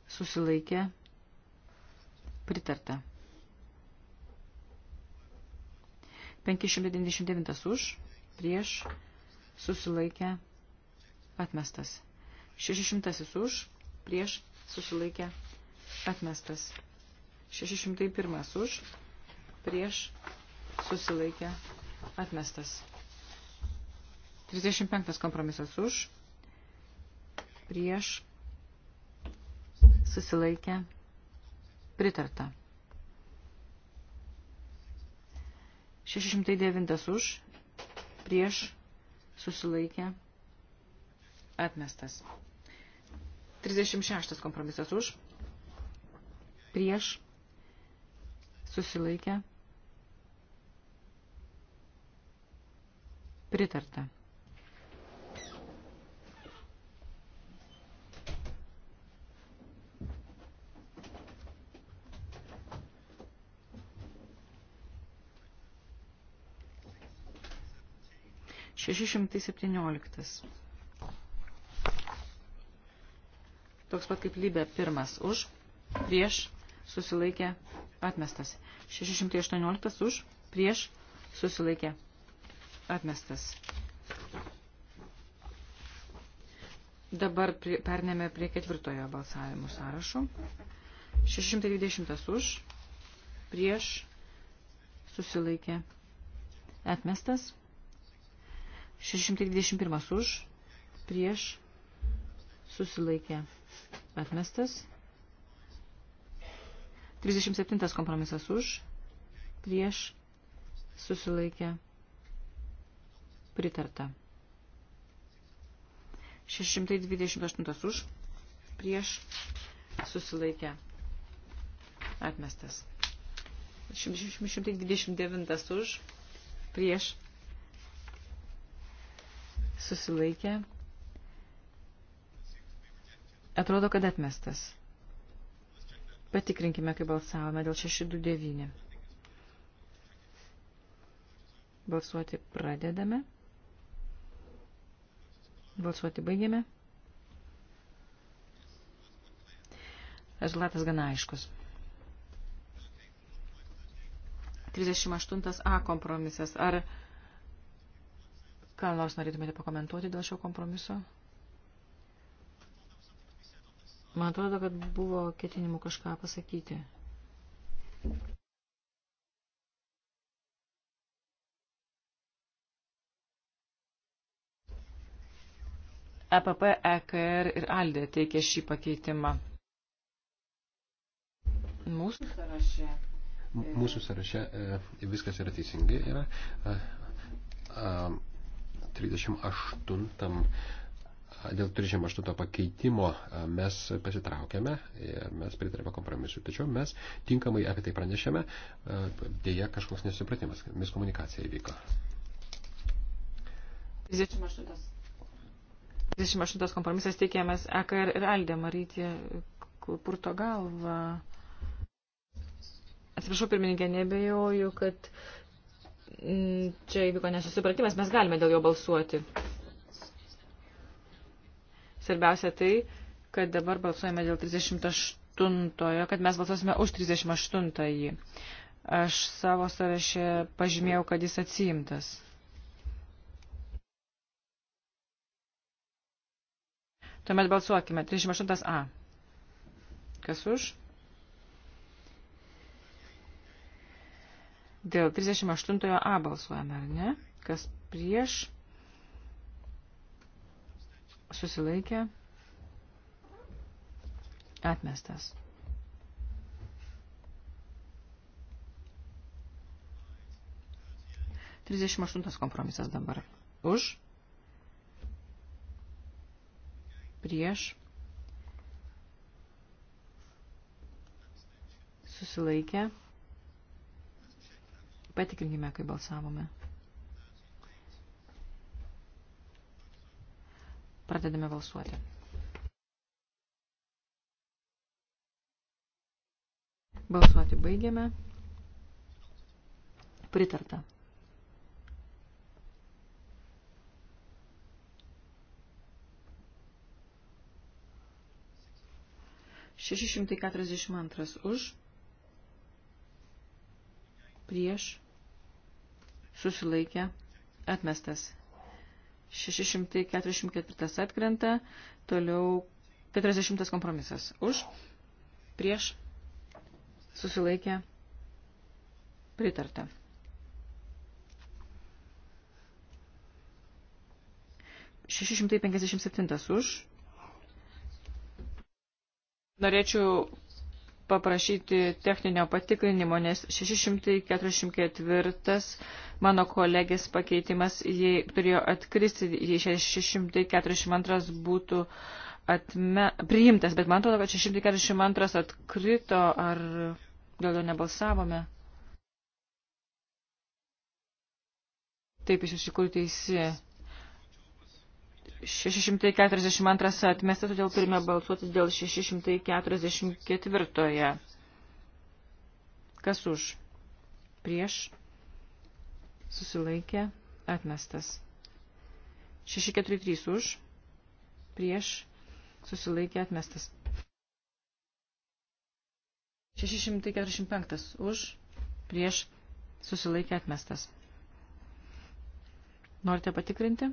susilaikė, pritarta. 599 už, prieš, susilaikė, atmestas. 600 už, prieš, susilaikė, atmestas. 601 už, prieš, susilaikė, atmestas. 35 kompromisas už, prieš, susilaikė, pritarta. 609 už, prieš, susilaikė, atmestas. 36 kompromisas už, prieš, susilaikė, pritarta. 617. Toks pat kaip lybė pirmas už, prieš, susilaikė, atmestas. 618 už, prieš, susilaikė, atmestas. Dabar pernėme prie ketvirtojo balsavimų sąrašų. 620 už, prieš, susilaikė, atmestas. 621 už, prieš, susilaikė, atmestas. 37 kompromisas už, prieš, susilaikė, pritarta. 628 už, prieš, susilaikė, atmestas. 629 už, prieš, susilaikė. Atrodo, kad atmestas. Patikrinkime, kaip balsavome dėl 629. Balsuoti pradedame. Balsuoti baigėme. Rezultatas gana aiškus. 38a kompromisas. Ar Ką nors norėtumėte pakomentuoti dėl šio kompromiso? Man atrodo, kad buvo ketinimų kažką pasakyti. EPP, EKR ir ALDE teikė šį pakeitimą. Mūsų sąraše. Mūsų sąraše e, viskas yra teisingai. Yra. E, e, 38, dėl 38 pakeitimo e, mes pasitraukėme ir e, mes pritarėme kompromisui. Tačiau mes tinkamai apie tai pranešėme, e, dėja kažkoks nesupratimas, miskomunikacija įvyko. 38. 38 kompromisas teikėmės EKR ir Aldė Marytė purto galvą. Atsiprašau, pirmininkė, nebejoju, kad Mm, čia įvyko nesusipratimas, mes galime dėl jo balsuoti. Svarbiausia tai, kad dabar balsuojame dėl 38-ojo, kad mes balsuosime už 38-ąjį. Aš savo sąrašę pažymėjau, kad jis atsiimtas. Tuomet balsuokime. 38a. Kas už? Dėl 38 A balsuojame, ar ne? Kas prieš? Susilaikė. Atmestas. Trisdešimt aštuntas kompromisas dabar. Už. Prieš. Susilaikė. Susilaikė. Patikrinkime, kaip balsavome. Pradedame balsuoti. Balsuoti baigiame. Pritarta. Šeši šimtai keturiasdešimt antras už prieš susilaikė atmestas. 644 atkrenta, toliau 40 kompromisas. Už, prieš, susilaikė, pritarta. Šešišimtai penkiasdešimt septintas už. Norėčiau paprašyti techninio patikrinimo, nes 644 mano kolegės pakeitimas, jei turėjo atkristi, jei 642 būtų atme, priimtas, bet man atrodo, kad 642 atkrito ar dėl jo nebalsavome. Taip, iš tikrųjų teisi. 642 atmesta, todėl turime balsuoti dėl 644. Kas už? Prieš? Susilaikė? Atmestas. 643 už? Prieš? Susilaikė? Atmestas. 645 už? Prieš? Susilaikė? Atmestas. Norite patikrinti?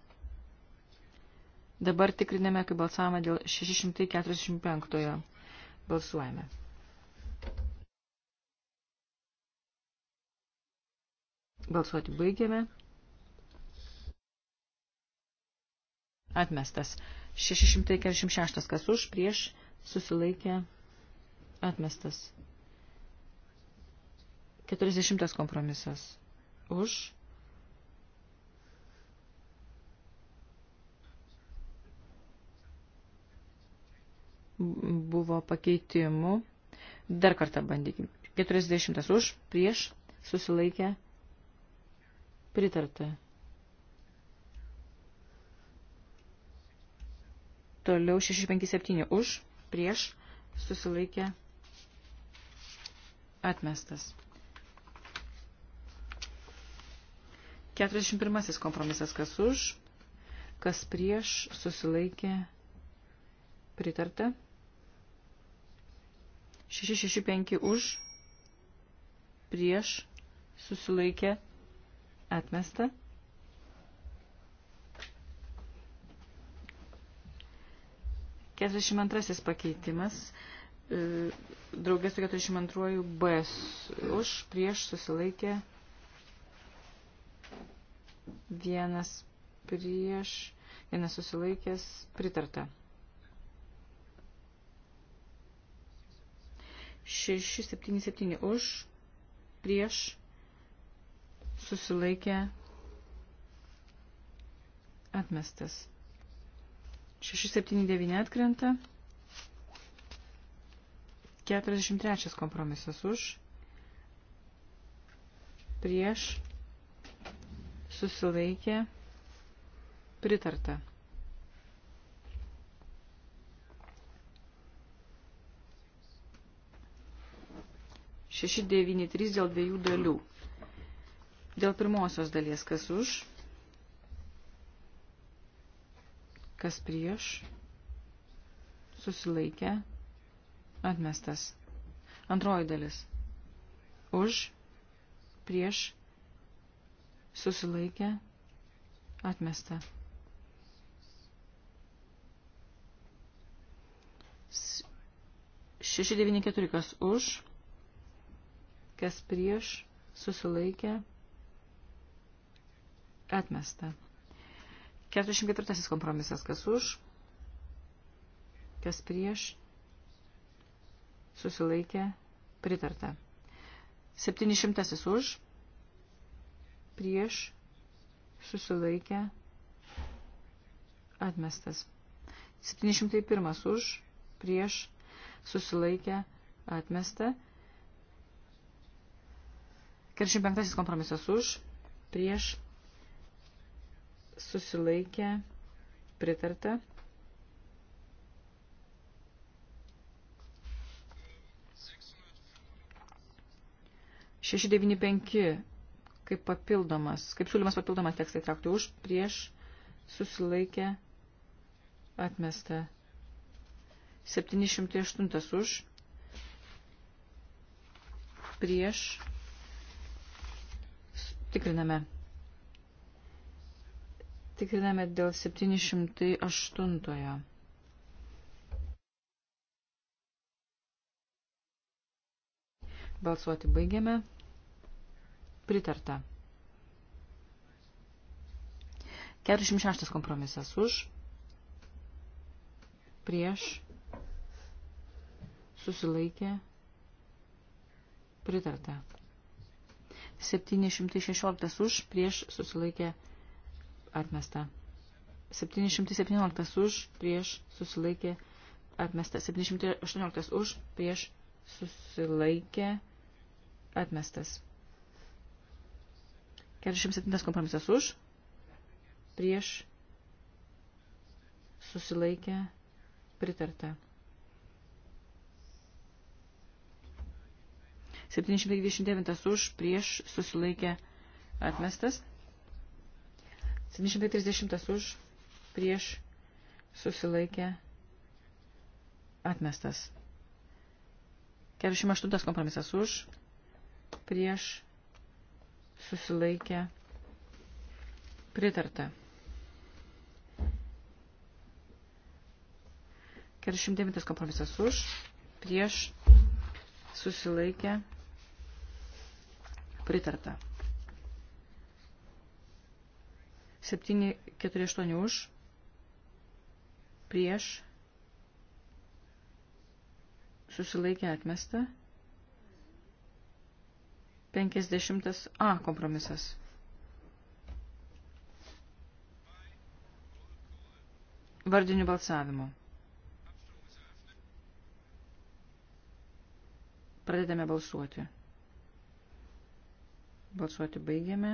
Dabar tikriname, kaip balsavome dėl 645-ojo. Balsuojame. Balsuoti baigėme. Atmestas. 646 kas už, prieš, susilaikė, atmestas. 40 kompromisas. Už, buvo pakeitimų. Dar kartą bandykime. 40 už, prieš, susilaikę, pritarta. Toliau 657 už, prieš, susilaikę, atmestas. 41 kompromisas, kas už, kas prieš, susilaikė, pritarta. 665 už, prieš, susilaikė, atmesta. Keturiasdešimt antrasis pakeitimas, e, draugės su keturiasdešimt antruoju B, už, prieš, susilaikė, vienas prieš, vienas susilaikęs, pritarta. 677 už, prieš, susilaikė, atmestas. 679 atkrenta, 43 kompromisas už, prieš, susilaikė, pritarta. 693 dėl dviejų dalių. Dėl pirmosios dalies, kas už, kas prieš, susilaikė, atmestas. Antroji dalis, už, prieš, susilaikė, atmesta. Šeši devyni keturi, kas už, kas prieš, susilaikė, atmesta. 44 kompromisas, kas už, kas prieš, susilaikė, pritarta. 700 už, prieš, susilaikė, atmestas. 701 už, prieš, susilaikė, atmesta. 45 kompromisas už, prieš, susilaikė, pritarta. Šeši devyni penki, kaip papildomas, kaip siūlymas papildomas tekstai trakti už, prieš, susilaikė, atmesta. 708 už, prieš, Tikriname. Tikriname dėl 708. Balsuoti baigiame. Pritarta. 46 kompromisas už. Prieš. Susilaikė. Pritarta. 716 už, prieš susilaikė atmesta. 717 už, prieš susilaikė atmesta. 718 už, prieš susilaikė atmestas. 47 kompromisas už, prieš susilaikė pritarta. 729 už, prieš susilaikė atmestas. 730 už, prieš susilaikė atmestas. 48 kompromisas už, prieš susilaikė pritarta. 49 kompromisas už, prieš susilaikė Pritarta. 7, 4, 8 už. Prieš. Susilaikė atmesta. 50 A kompromisas. Vardiniu balsavimu. Pradedame balsuoti. Balsuoti baigiame.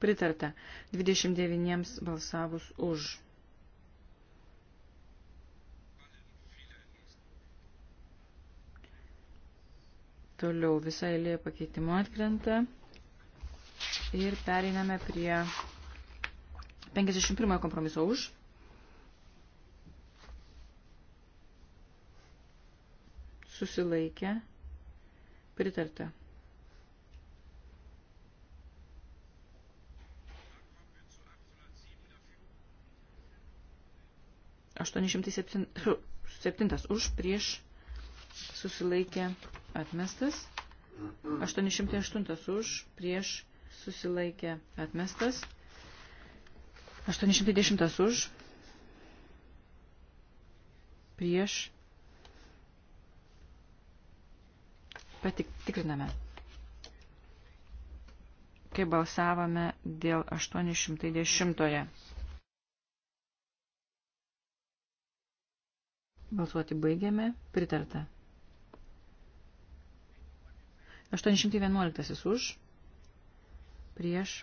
Pritarta 29 balsavus už. Toliau visa eilė pakeitimo atkrenta. Ir pereiname prie 51 kompromiso už. Susilaikę. Pritarta. Aštuonišimtai septintas už prieš susilaikė atmestas. 808 už prieš susilaikė atmestas. 810 už prieš Patikriname. Kai balsavome dėl 810. -oje. Balsuoti baigėme. Pritarta. 811 už. Prieš.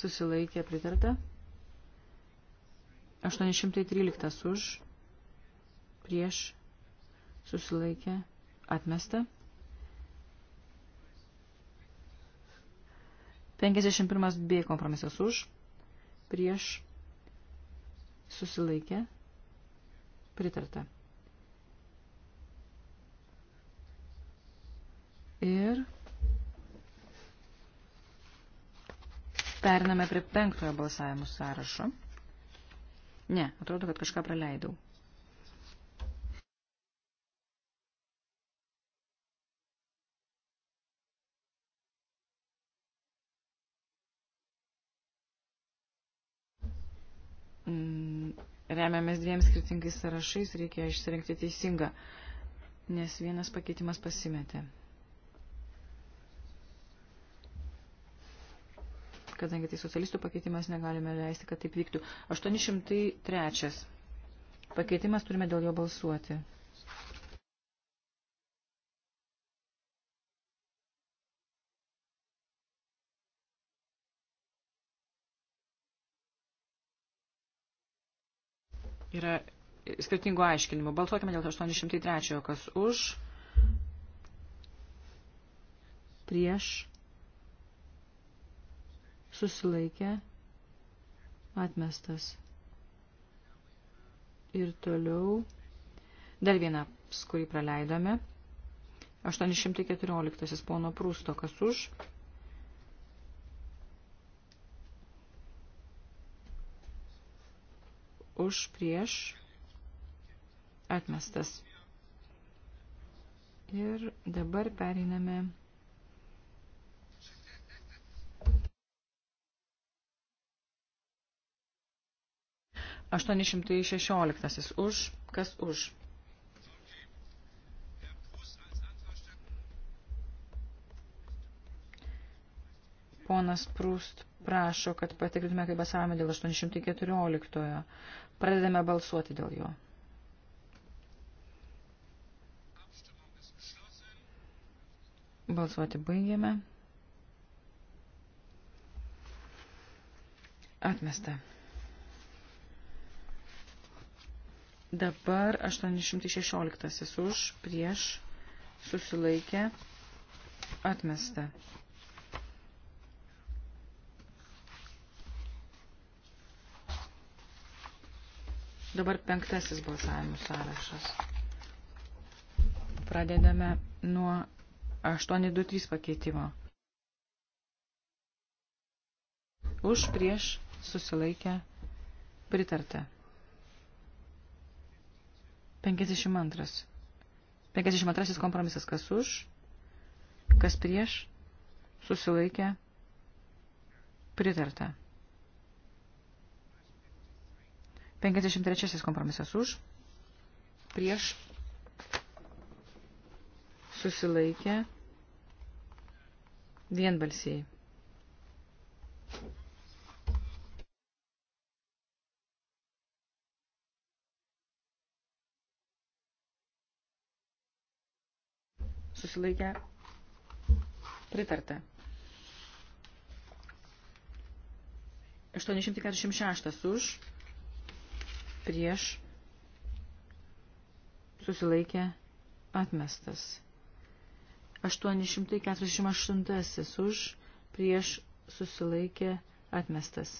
Susilaikė pritarta. 813 už. Prieš. Susilaikė. Atmesta. 51 B kompromisas už, prieš, susilaikė, pritarta. Ir periname prie penktojo balsavimų sąrašo. Ne, atrodo, kad kažką praleidau. Mm, remiamės dviem skirtingais sąrašais, reikia išsirinkti teisingą, nes vienas pakeitimas pasimetė. Kadangi tai socialistų pakeitimas, negalime leisti, kad taip vyktų. 803 pakeitimas turime dėl jo balsuoti. yra skirtingų aiškinimų. Balsuokime dėl 803, kas už, prieš, susilaikė, atmestas. Ir toliau dar vieną, kurį praleidome. 814 pono Prūsto, kas už, už prieš atmestas. Ir dabar periname Aštuoni šimtai šešioliktasis už, kas už. Ponas Prūst prašo, kad patikrintume, kaip basavome dėl 814. -ojo. Pradedame balsuoti dėl jo. Balsuoti baigėme. Atmesta. Dabar 816 už prieš susilaikę atmesta. Dabar penktasis balsavimų sąrašas. Pradedame nuo 823 pakeitimo. Už prieš susilaikę pritarta. 52. 52 kompromisas kas už, kas prieš, susilaikę, pritarta. 53 kompromisas už, prieš, susilaikė, vienbalsiai. Susilaikė, pritarta. 846 už prieš susilaikė atmestas. 848 už prieš susilaikė atmestas.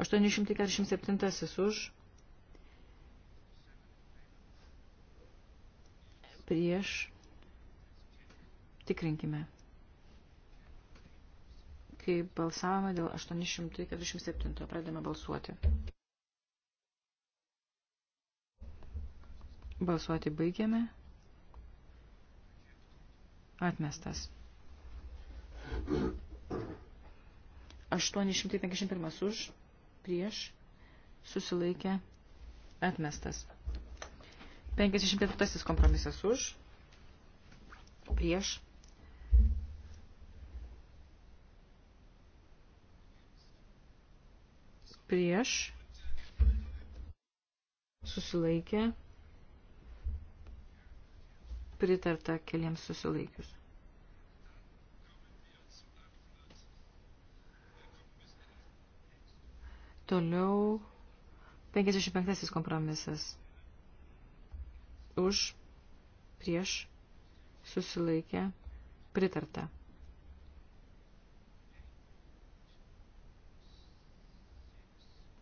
Aštuoni šimtai keturiasdešimt septintasis už prieš. Tikrinkime. Kai balsavome dėl 847, pradėme balsuoti. Balsuoti baigėme. Atmestas. 851 už, prieš, susilaikė, atmestas. 55 kompromisas už, prieš, prieš, susilaikė, pritarta keliams susilaikius. Toliau 55 kompromisas už, prieš, susilaikė, pritarta.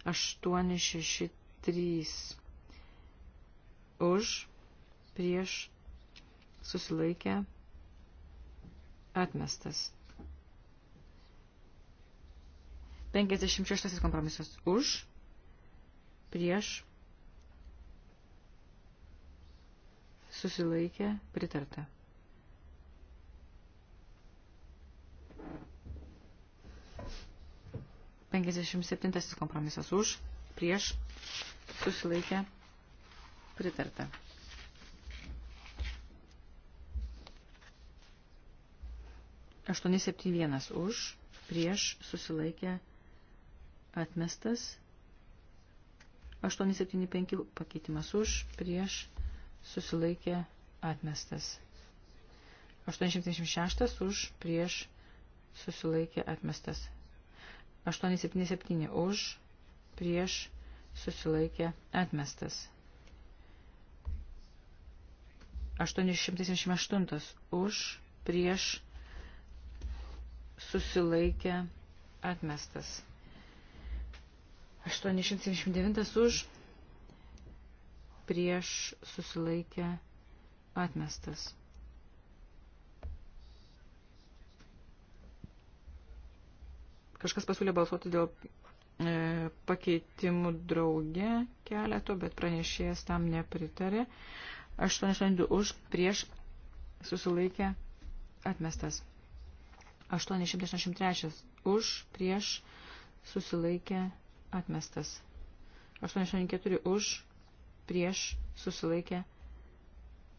Aštuoni šeši trys už, prieš, susilaikė, atmestas. 56 kompromisas už, prieš, susilaikė, pritarta. Penkiasdešimt septintasis kompromisas už, prieš, susilaikė, pritarta. Aštuoni septyni vienas už, prieš, susilaikė, atmestas. 875 pakeitimas už, prieš, susilaikė atmestas. 876 už prieš susilaikė atmestas. 877 už prieš susilaikė atmestas. 878 už prieš susilaikė atmestas. 879 už prieš susilaikę atmestas. Kažkas pasiūlė balsuoti dėl e, pakeitimų drauge keleto, bet pranešėjas tam nepritarė. 82 už prieš susilaikę atmestas. 863 už prieš susilaikę atmestas. 84 už prieš susilaikė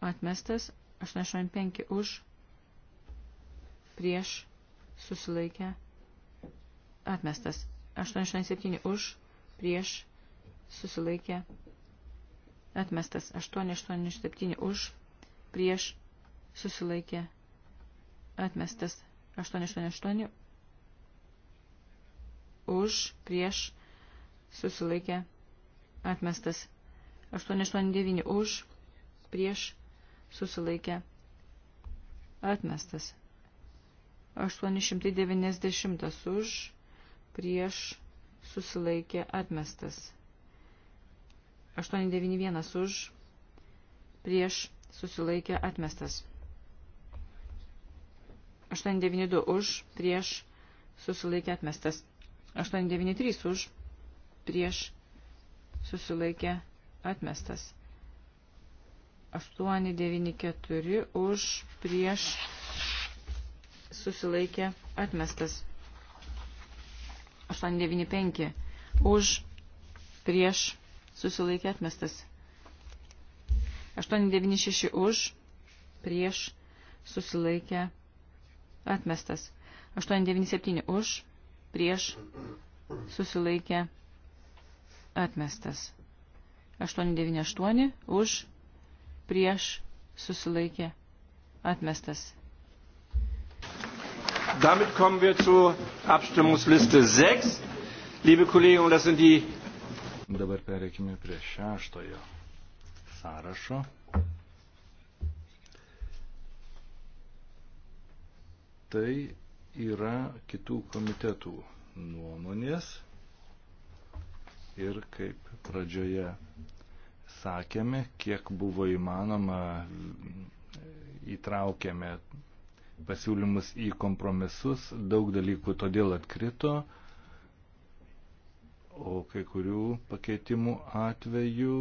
atmestas, 85 už prieš susilaikė atmestas, 87 už prieš susilaikė atmestas, 887 už prieš susilaikė atmestas, 888 už prieš susilaikė atmestas. 889 už, prieš, susilaikė, atmestas. 890 už, prieš, susilaikė, atmestas. 891 už, prieš, susilaikė, atmestas. 892 už, prieš, susilaikė atmestas. 893 už, prieš, susilaikė Atmestas. 894 už prieš susilaikė atmestas. 895 už prieš susilaikė atmestas. 896 už prieš susilaikė atmestas. 897 už prieš susilaikė atmestas. 898 už prieš susilaikė atmestas. Damit kommen wir zur Abstimmungsliste 6. Liebe Kollegen, das sind die. Dabar pereikime prie šeštojo sąrašo. Tai yra kitų komitetų nuomonės ir kaip pradžioje sakėme, kiek buvo įmanoma, įtraukėme pasiūlymus į kompromisus, daug dalykų todėl atkrito, o kai kurių pakeitimų atveju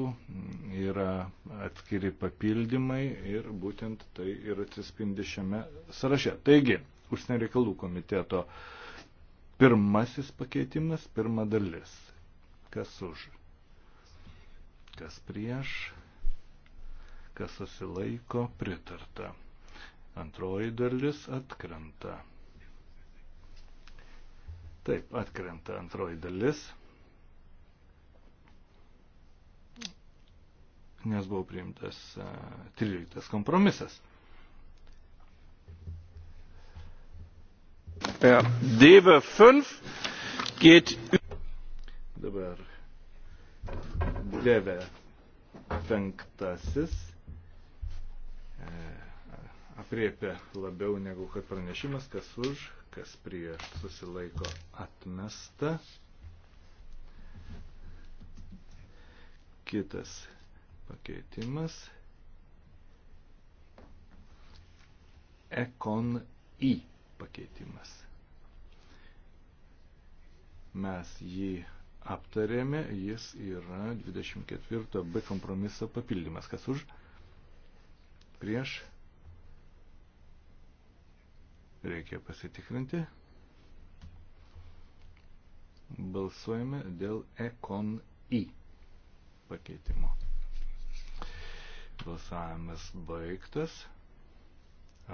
yra atskiri papildymai ir būtent tai ir atsispindi šiame sąraše. Taigi, užsienio reikalų komiteto pirmasis pakeitimas, pirma dalis. Kas už? Kas prieš? Kas susilaiko? Pritarta. Antroji dalis atkrenta. Taip, atkrenta antroji dalis. nes buvo priimtas 13 e, kompromisas. Ja, Deve 5 geht Dabar dėvė penktasis e, apriepia labiau negu kad pranešimas, kas už, kas prieš susilaiko atmesta. Kitas pakeitimas. Ekon į pakeitimas. Mes jį aptarėme, jis yra 24b kompromiso papildymas. Kas už? Prieš? Reikia pasitikrinti. Balsuojame dėl ekon į pakeitimo. Balsavimas baigtas.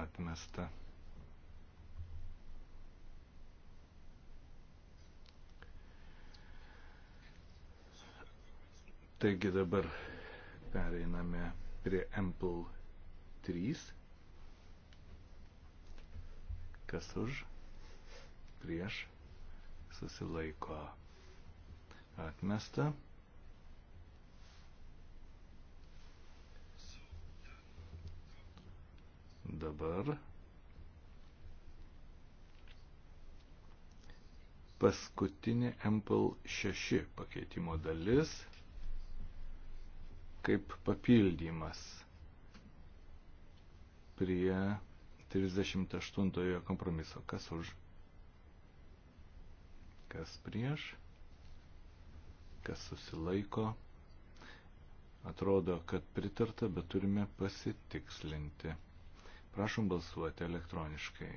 Atmesta. Taigi dabar pereiname prie Ample 3. Kas už, prieš, susilaiko atmesta. Dabar paskutinė Ample 6 pakeitimo dalis – kaip papildymas prie 38 kompromiso. Kas už? Kas prieš? Kas susilaiko? Atrodo, kad pritarta, bet turime pasitikslinti. Prašom balsuoti elektroniškai.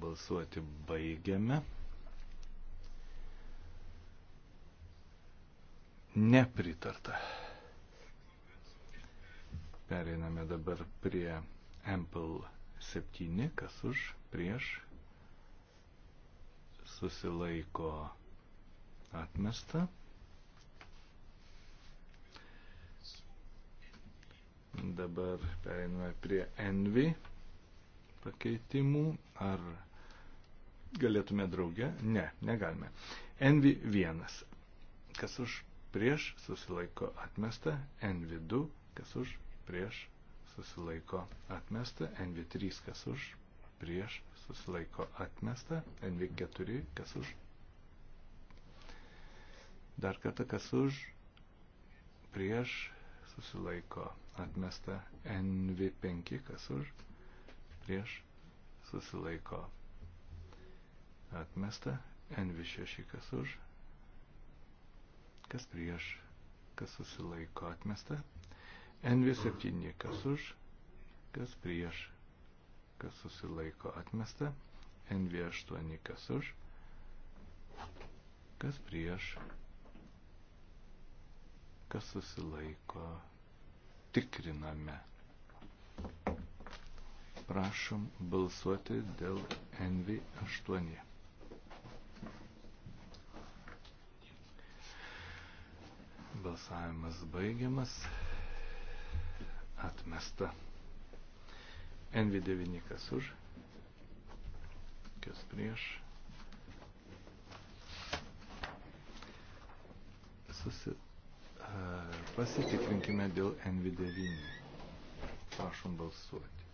Balsuoti baigiame. nepritarta. Pereiname dabar prie Ample 7, kas už, prieš, susilaiko atmesta. Dabar pereiname prie Envy pakeitimų. Ar galėtume drauge? Ne, negalime. Envy 1. Kas už prieš susilaiko atmesta, NV2, kas už, prieš susilaiko atmesta, NV3, kas už, prieš susilaiko atmesta, NV4, kas už. Dar kartą, kas už, prieš susilaiko atmesta, NV5, kas už, prieš susilaiko atmesta, NV6, kas už, kas prieš, kas susilaiko atmesta. NV7, kas už, kas prieš, kas susilaiko atmesta. NV8, kas už, kas prieš, kas susilaiko, tikriname. Prašom balsuoti dėl NV8. Balsavimas baigiamas. Atmesta. NV9 kas už. Kas prieš. Susi... Pasitikrinkime dėl NV9. Prašom balsuoti.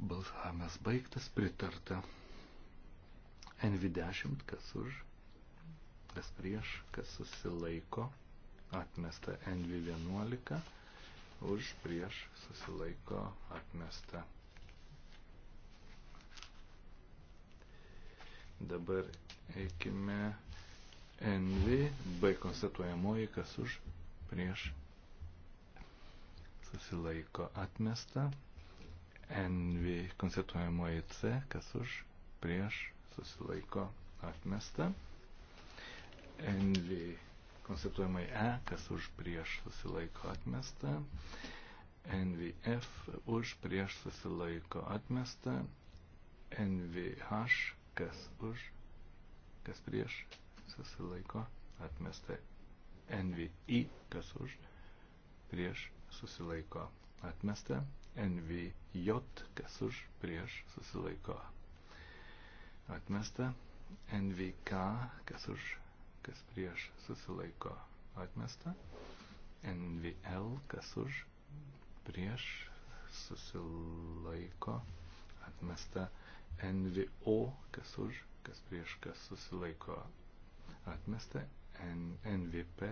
Balsavimas baigtas, pritarta. NV10, kas už, kas prieš, kas susilaiko, atmesta NV11, už prieš susilaiko, atmesta. Dabar eikime NV, B konstatuojamoji, kas už prieš susilaiko, atmesta. NV konstatuojamoji C, kas už prieš susilaiko, atmesta. NV konceptuojamai E, kas už prieš susilaiko atmesta, NVF už prieš susilaiko atmesta, NVH kas už, kas prieš susilaiko atmesta, NVI kas už prieš susilaiko atmesta, NVJ kas už prieš susilaiko atmesta, NVK kas už kas prieš susilaiko atmesta, NVL, kas už, prieš susilaiko atmesta, NVO, kas už, kas prieš, kas susilaiko atmesta, N, NVP,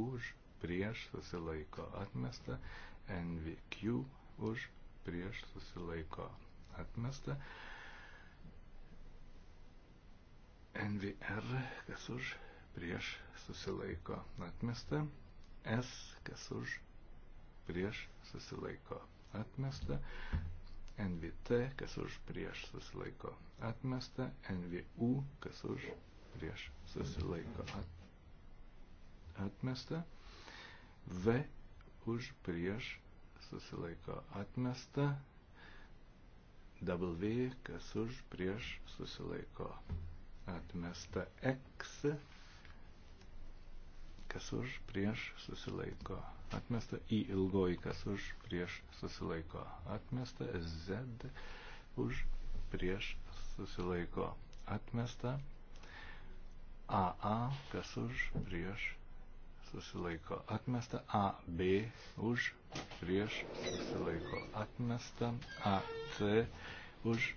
už, prieš susilaiko atmesta, NVQ, už, prieš susilaiko atmesta. NVR, kas už prieš susilaiko atmesta, S, kas už, prieš susilaiko atmesta, NVT, kas už, prieš susilaiko atmesta, NVU, kas už, prieš susilaiko at, atmesta, V, už, prieš susilaiko atmesta, W, kas už, prieš susilaiko atmesta, X, kas už, prieš, susilaiko, atmesta, į ilgoji, kas už, prieš, susilaiko, atmesta, z, už, prieš, susilaiko, atmesta, AA, kas už, prieš, susilaiko, atmesta, AB, už, prieš, susilaiko, atmesta, AC, už,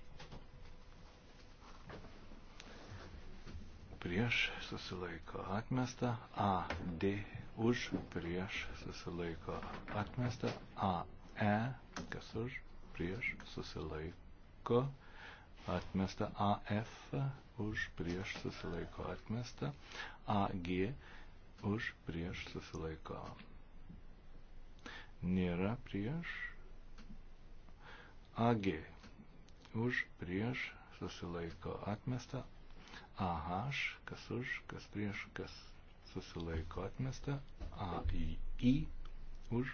prieš susilaiko atmesta, A, D, už, prieš susilaiko atmesta, A, E, kas už, prieš susilaiko atmesta, A, F, už, prieš susilaiko atmesta, A, G, už, prieš susilaiko. Nėra prieš. AG. Už, prieš susilaiko atmesta, AH, kas už, kas prieš, kas susilaiko atmesta, AI, I, už.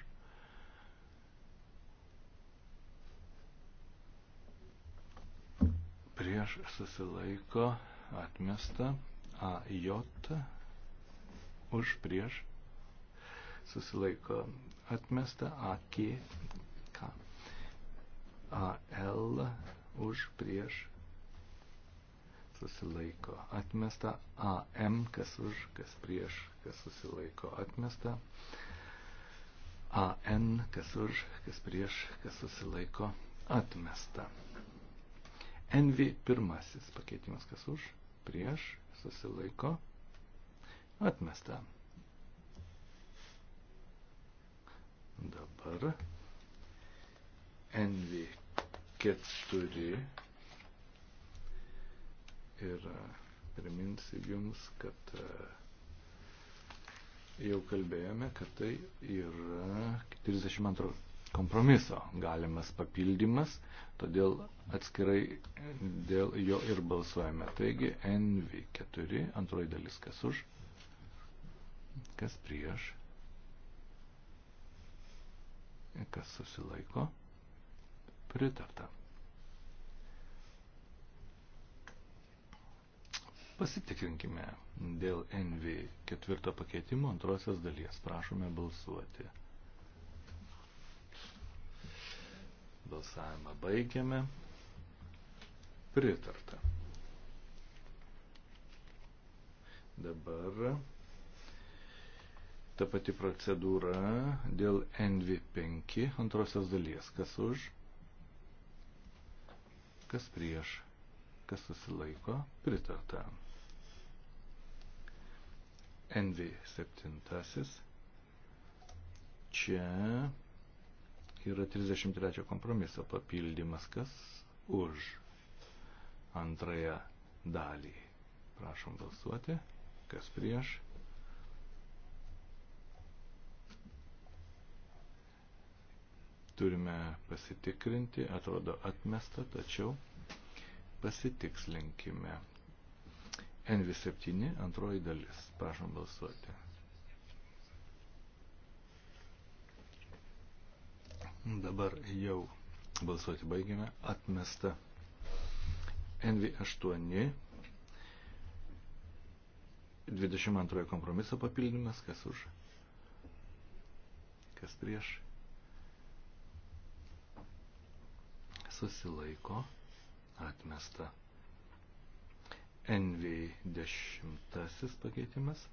Prieš susilaiko atmesta, AJ, už, prieš, susilaiko atmesta, AK, K, AL, už, prieš, susilaiko atmesta, AM kas už, kas prieš, kas susilaiko atmesta, AN kas už, kas prieš, kas susilaiko atmesta. NV pirmasis pakeitimas kas už, prieš, susilaiko atmesta. Dabar NV keturi ir e, priminsiu jums, kad e, jau kalbėjome, kad tai yra 32 kompromiso galimas papildymas, todėl atskirai dėl jo ir balsuojame. Taigi NV4, antroji dalis kas už, kas prieš, kas susilaiko, pritarta. Pasitikrinkime dėl NV ketvirto pakeitimo antrosios dalies. Prašome balsuoti. Balsavimą baigiame. Pritarta. Dabar ta pati procedūra dėl NV5 antrosios dalies. Kas už? Kas prieš? Kas susilaiko? Pritarta. NV7. Čia yra 33 kompromiso papildymas, kas už antrąją dalį. Prašom balsuoti, kas prieš. Turime pasitikrinti, atrodo atmesta, tačiau pasitikslinkime. NV7 antroji dalis. Prašom balsuoti. Dabar jau balsuoti baigėme. Atmesta NV8. 22 kompromiso papildymas. Kas už? Kas prieš? Susilaiko. Atmesta. NV10 pakeitimas.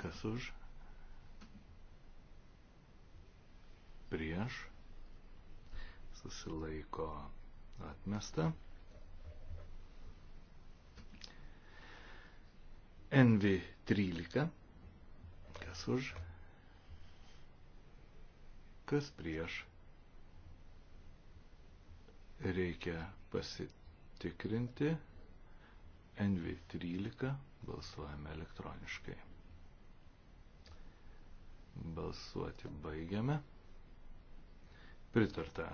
Kas už? Prieš. Susilaiko atmesta. NV13. Kas už? Kas prieš? Reikia pasitikti patikrinti. NV13 balsuojame elektroniškai. Balsuoti baigiame. Pritarta.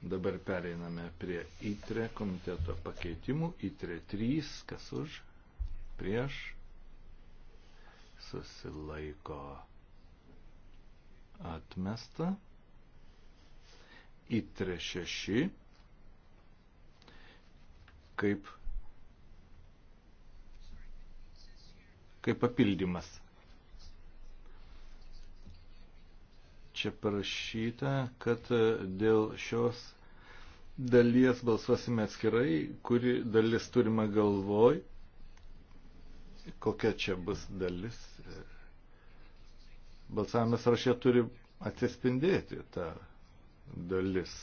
Dabar pereiname prie ITRE komiteto pakeitimų. ITRE e 3, kas už, prieš, susilaiko atmesta. Į 36 kaip, kaip papildymas. Čia parašyta, kad dėl šios dalies balsuosime atskirai, kuri dalis turima galvoj, kokia čia bus dalis balsavime sąraše turi atsispindėti ta dalis.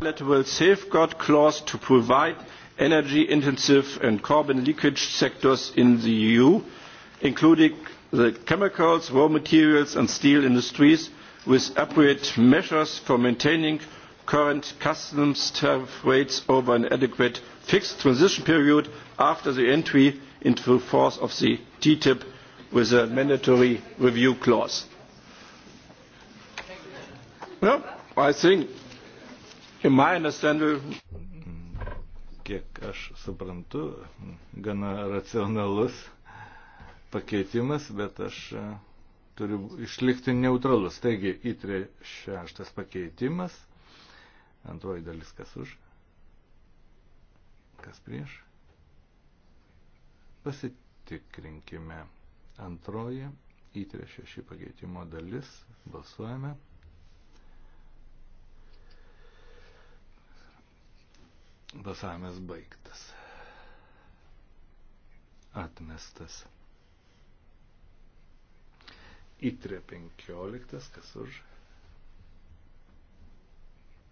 Will safeguard clause to provide energy intensive and carbon leakage sectors in the EU, including the chemicals, raw materials and steel industries, with appropriate measures for maintaining current customs tariff rates over an adequate fixed transition period after the entry into force of the TTIP with a mandatory review clause. Well, I think, in my understanding, kiek aš suprantu, gana racionalus pakeitimas, bet aš e, turiu išlikti neutralus. Taigi, įtrė šeštas pakeitimas, antroji dalis kas už, kas prieš. Pasitikrinkime. Antroji įtrė šeši pakeitimo dalis. Balsuojame. Balsavimas baigtas. Atmestas. Įtrė 15, kas už.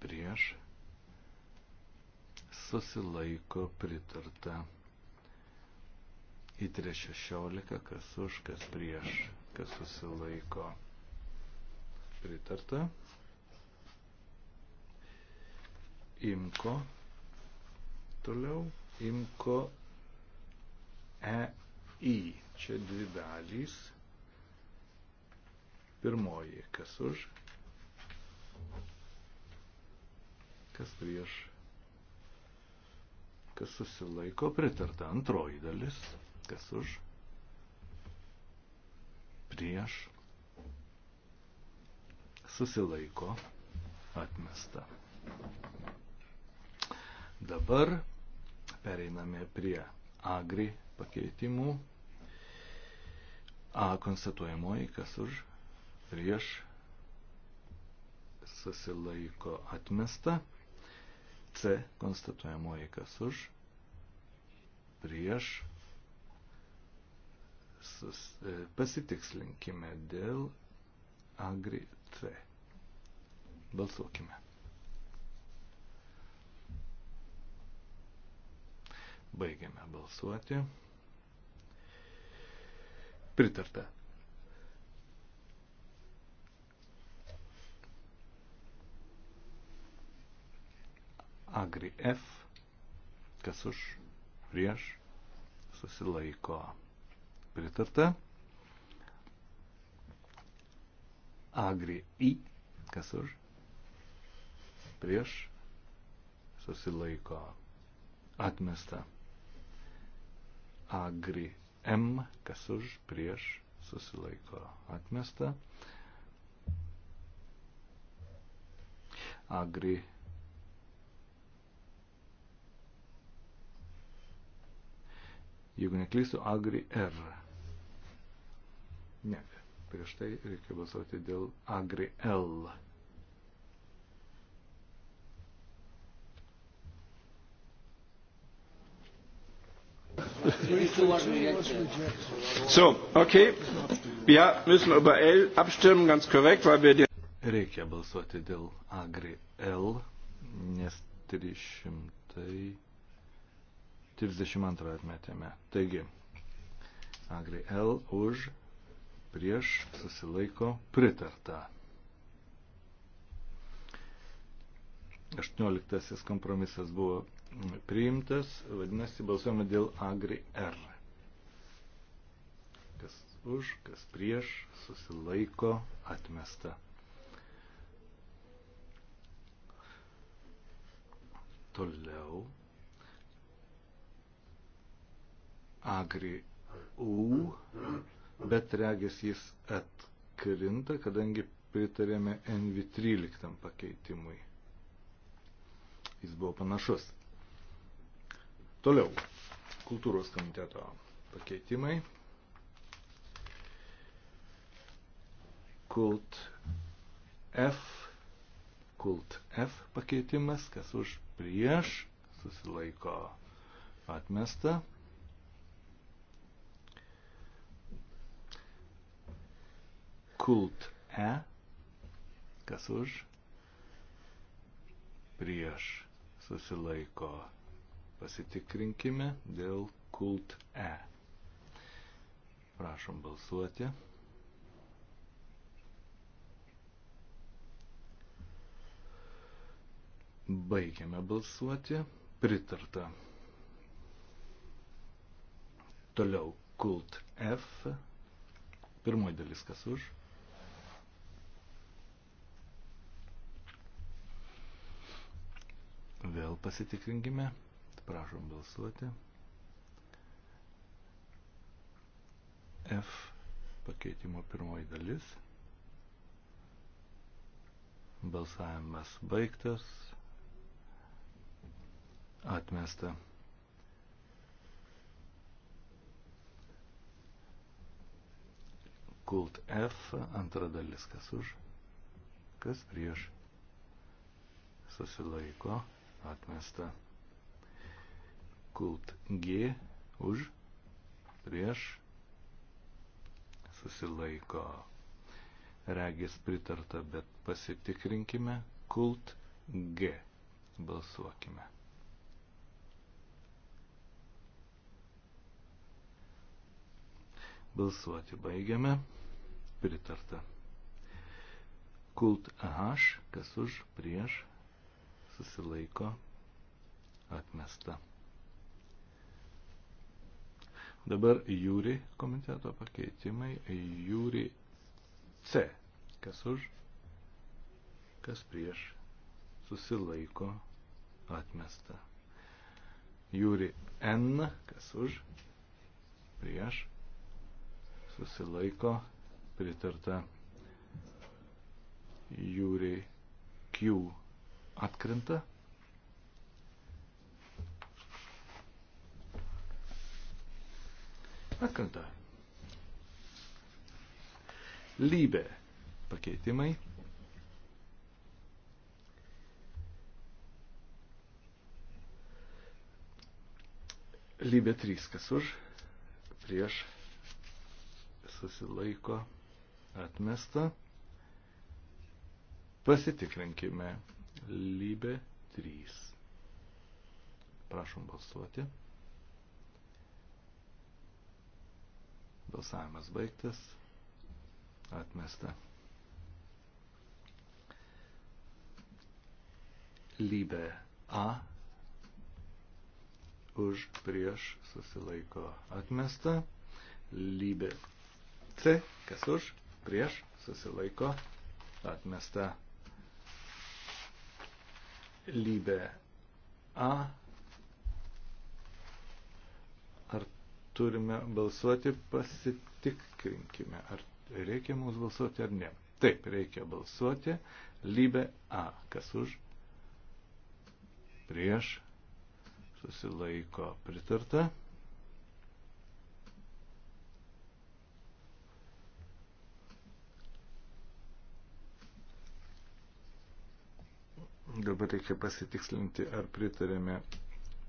Prieš. Susilaiko pritarta į 316, kas už, kas prieš, kas susilaiko. Pritarta. Imko. Toliau. Imko EI. Čia dvi dalys. Pirmoji, kas už, kas prieš, kas susilaiko pritarta antroji dalis kas už, prieš, susilaiko, atmesta. Dabar pereiname prie agri pakeitimų. A konstatuojamoji, kas už, prieš, susilaiko atmesta. C konstatuojamoji, kas už, prieš, sus, e, pasitikslinkime dėl Agri C. Balsuokime. Baigiame balsuoti. Pritarta. Agri F. Kas už prieš susilaiko pritarta. Agri I, kas už, prieš, susilaiko, atmesta. Agri M, kas už, prieš, susilaiko, atmesta. Agri jeigu neklystu, Agri R. Ne. Prieš tai reikia balsuoti dėl Agri L. So, okay. Wir müssen über L abstimmen, ganz korrekt, weil wir den. Reikia balsuoti dėl Agri L, nes 332 atmetėme. Taigi, Agri L už prieš susilaiko pritarta. 18 kompromisas buvo priimtas, vadinasi, balsuojame dėl Agri R. Kas už, kas prieš, susilaiko, atmesta. Toliau. Agri U bet regis jis atkrinta, kadangi pritarėme NV13 pakeitimui. Jis buvo panašus. Toliau. Kultūros komiteto pakeitimai. Kult F. Kult F pakeitimas, kas už prieš susilaiko atmesta. kult E, kas už, prieš susilaiko. Pasitikrinkime dėl kult E. Prašom balsuoti. Baigiame balsuoti. Pritarta. Toliau kult F. Pirmoji dalis kas už Vėl pasitikrinkime. Prašom balsuoti. F pakeitimo pirmoji dalis. Balsavimas baigtas. Atmesta. Kult F, antra dalis, kas už, kas prieš, susilaiko atmesta. Kult G už, prieš, susilaiko. Regis pritarta, bet pasitikrinkime. Kult G. Balsuokime. Balsuoti baigiame. Pritarta. Kult H, kas už, prieš, susilaiko, atmesta. Dabar jūri komiteto pakeitimai, jūri C. Kas už, kas prieš, susilaiko, atmesta. Jūri N. Kas už, prieš, susilaiko, pritarta. Jūri Q atkrenta. Atkrenta. Lybė pakeitimai. Lybė 3, kas už, prieš susilaiko atmesta. Pasitikrinkime Lybė 3. Prašom balsuoti. Balsavimas baigtas. Atmesta. Lybė A. Už prieš susilaiko atmesta. Lybė C. Kas už prieš susilaiko atmesta lybė A. Ar turime balsuoti, pasitikrinkime, ar reikia mums balsuoti ar ne. Taip, reikia balsuoti. Lybė A. Kas už? Prieš. Susilaiko pritarta. Dabar reikia pasitikslinti, ar pritarėme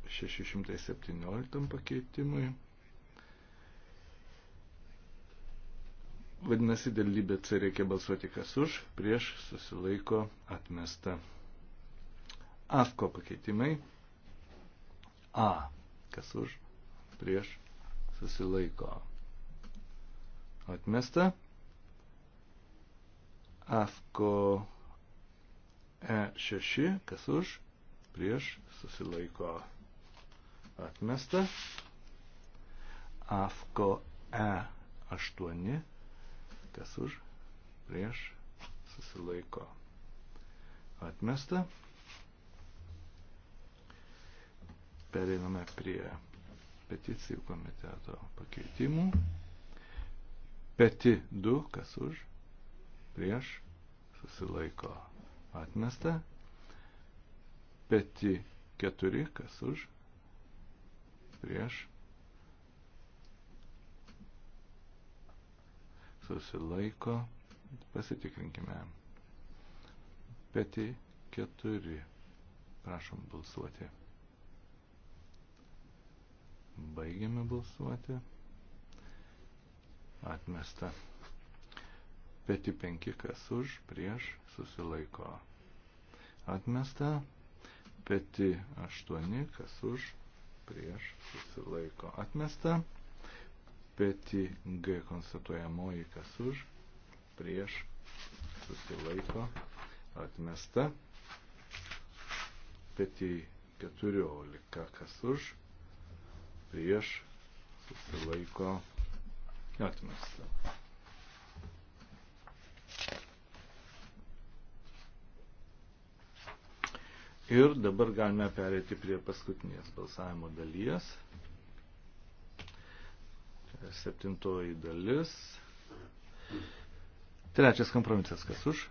617 pakeitimui. Vadinasi, dėl lybė C reikia balsuoti kas už, prieš susilaiko atmesta. AFKO pakeitimai. A. Kas už, prieš susilaiko. Atmesta. AFKO pakeitimai E6, kas už, prieš, susilaiko atmesta. AFKO E8, kas už, prieš, susilaiko atmesta. Pereiname prie peticijų komiteto pakeitimų. Peti 2, kas už, prieš, susilaiko atmesta atmesta. Peti 4, kas už, prieš, susilaiko, pasitikrinkime. Peti 4, prašom balsuoti. Baigiame balsuoti. Atmesta peti 5 kas už, prieš susilaiko atmesta, peti 8 kas už, prieš susilaiko atmesta, peti G konstatuojamoji kas už, prieš susilaiko atmesta, peti 14 kas už, prieš susilaiko atmesta. Ir dabar galime perėti prie paskutinės balsavimo dalies. Septintoji dalis. Trečias kompromisas, kas už?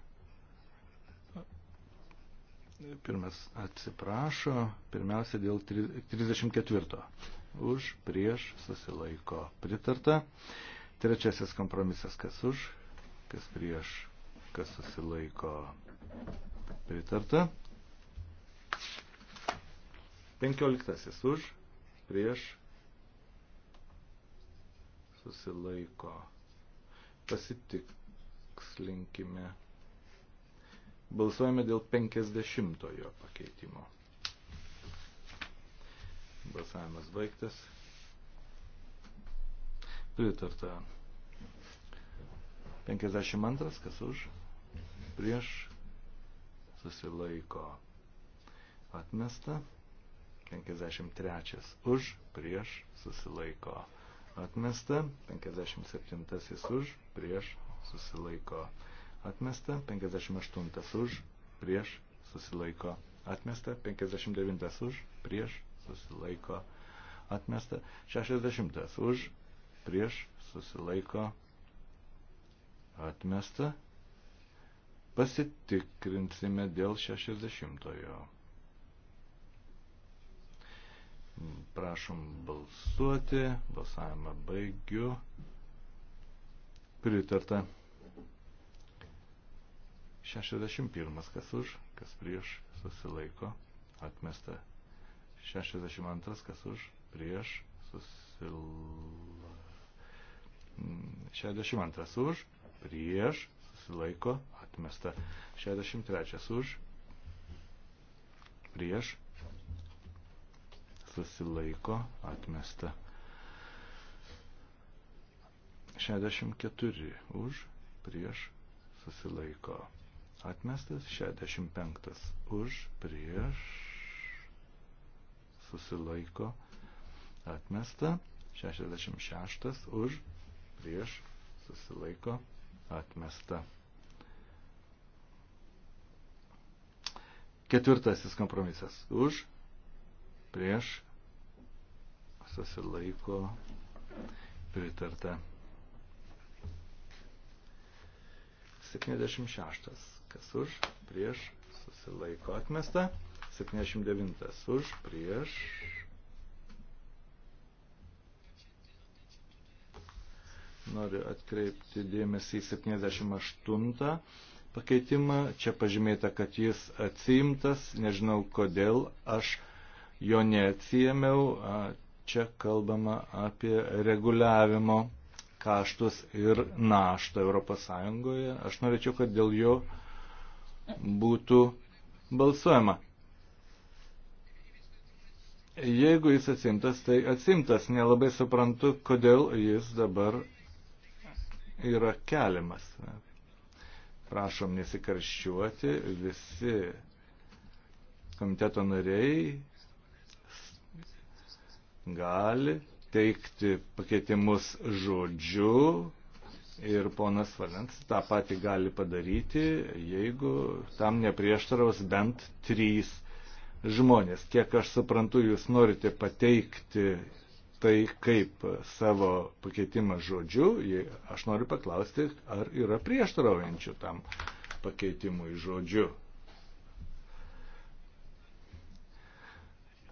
Pirmas atsiprašo, pirmiausia dėl 34. Už, prieš, susilaiko pritarta. Trečiasis kompromisas, kas už, kas prieš, kas susilaiko pritarta. Penkioliktasis už, prieš, susilaiko. Pasitikslinkime. Balsuojame dėl penkisdešimtojo pakeitimo. Balsavimas baigtas. Pritarta. 52, kas už, prieš, susilaiko, atmesta. 53 už, prieš, susilaiko atmesta, 57 už, prieš, susilaiko atmesta, 58 už, prieš, susilaiko atmesta, 59 už, prieš, susilaiko atmesta, 60 už, prieš, susilaiko atmesta, pasitikrinsime dėl 60. -ojo. Prašom balsuoti. Balsavimą baigiu. Pritarta. 61. Kas už, kas prieš, susilaiko. Atmesta. 62. Kas už, prieš, susilaiko. 62 už, prieš, susilaiko, atmesta. 63 už, prieš, susilaiko atmesta. 64 už, prieš susilaiko atmestas. 65 už, prieš susilaiko atmesta. 66 už, prieš susilaiko atmesta. Ketvirtasis kompromisas. Už, prieš susilaiko pritarta. 76. Kas už, prieš, susilaiko atmesta. 79. Už, prieš. Noriu atkreipti dėmesį į 78 pakeitimą. Čia pažymėta, kad jis atsiimtas. Nežinau kodėl. Aš jo neatsijėmiau. Čia kalbama apie reguliavimo kaštus ir naštą ES. Aš norėčiau, kad dėl jo būtų balsuojama. Jeigu jis atsimtas, tai atsimtas. Nelabai suprantu, kodėl jis dabar yra keliamas. Prašom nesikarščiuoti, visi komiteto nariai gali teikti pakeitimus žodžiu ir ponas Valens tą patį gali padaryti, jeigu tam neprieštaraus bent trys žmonės. Kiek aš suprantu, jūs norite pateikti tai kaip savo pakeitimą žodžiu, aš noriu paklausti, ar yra prieštaraujančių tam pakeitimui žodžiu.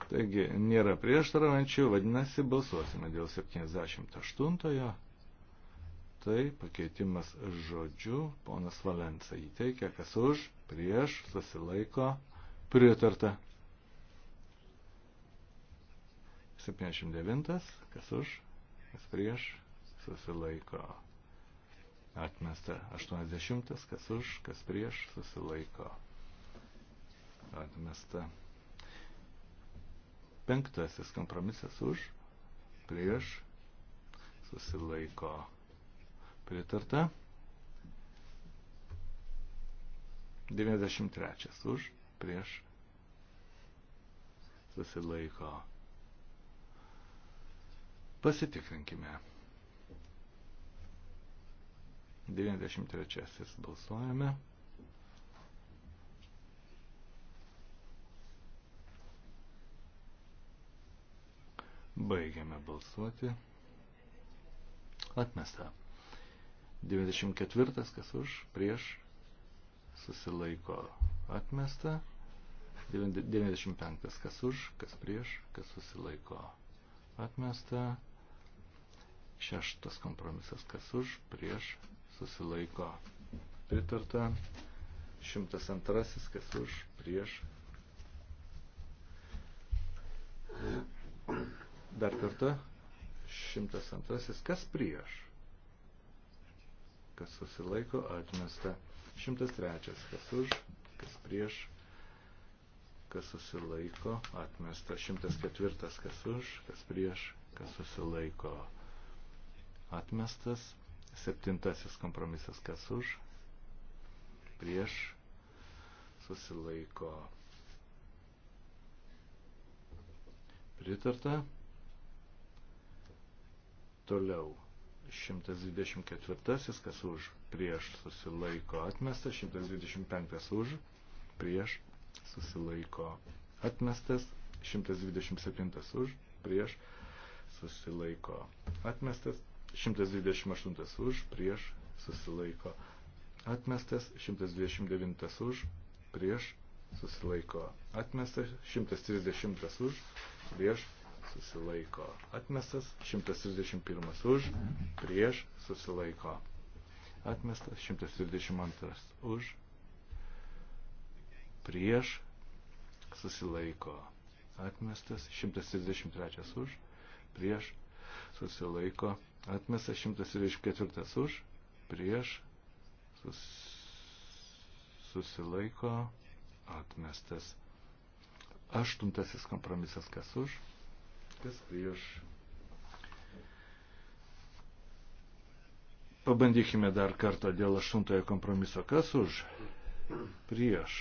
Taigi nėra prieštaraujančių, vadinasi, balsuosime dėl 78-ojo. Tai pakeitimas žodžių, ponas Valensa įteikia, kas už, prieš, susilaiko, pritarta. 79, kas už, kas prieš, susilaiko. Atmesta 80, kas už, kas prieš, susilaiko. Atmesta Penktasis kompromisas už, prieš, susilaiko pritarta. 93 už, prieš, susilaiko. Pasitikrinkime. 93 balsuojame. Baigiame balsuoti. Atmesta. 94. Kas už? Prieš. Susilaiko. Atmesta. 95. Kas už? Kas prieš? Kas susilaiko. Atmesta. Šeštas kompromisas. Kas už? Prieš. Susilaiko. Pritarta. 102. Kas už? Prieš. Thank you. Dar kartą. 102. Kas prieš? Kas susilaiko atmesta. 103. Kas už? Kas prieš? Kas susilaiko atmesta. 104. Kas už? Kas prieš? Kas susilaiko atmestas. Septintasis kompromisas kas už, prieš, susilaiko pritarta. Toliau. 124, kas už, prieš susilaiko atmestas, 125 už, prieš susilaiko atmestas, 127 už, prieš susilaiko atmestas, 128 už, prieš susilaiko atmestas, 129 už, prieš susilaiko atmestas, 130 už, prieš susilaiko atmestas, 131 už, prieš susilaiko atmestas, 132 už, prieš susilaiko atmestas, 133 už, prieš susilaiko atmestas, 134 už, prieš sus, susilaiko atmestas. Aštuntasis kompromisas kas už, kas prieš. Pabandykime dar kartą dėl aštuntojo kompromiso. Kas už? Prieš.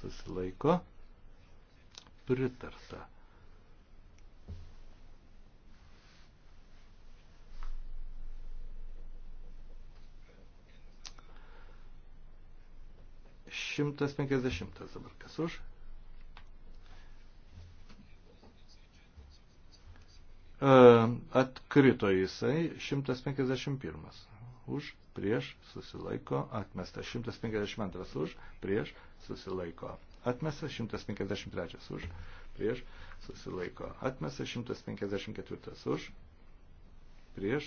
Susilaiko. Pritarta. Šimtas penkiasdešimtas dabar. Kas už? E, atkrito jisai 151. Už, prieš, susilaiko, atmesta. 152 už, prieš, susilaiko. Atmesta 153 už, prieš, susilaiko. Atmesta 154 už, prieš,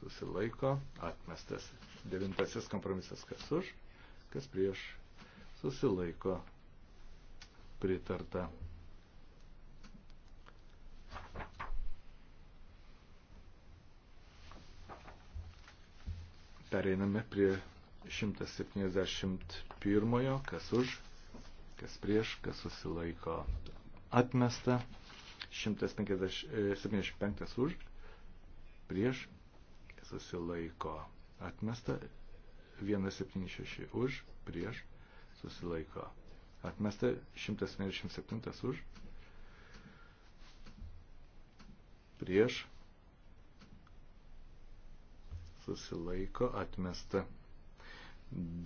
susilaiko, atmestas. Devintasis kompromisas, kas už, kas prieš, susilaiko, pritarta. Pereiname prie 171, kas už, kas prieš, kas susilaiko atmesta. 175 už, prieš, kas susilaiko atmesta. 176 už, prieš, susilaiko atmesta. 177 už, prieš, susilaiko atmesta.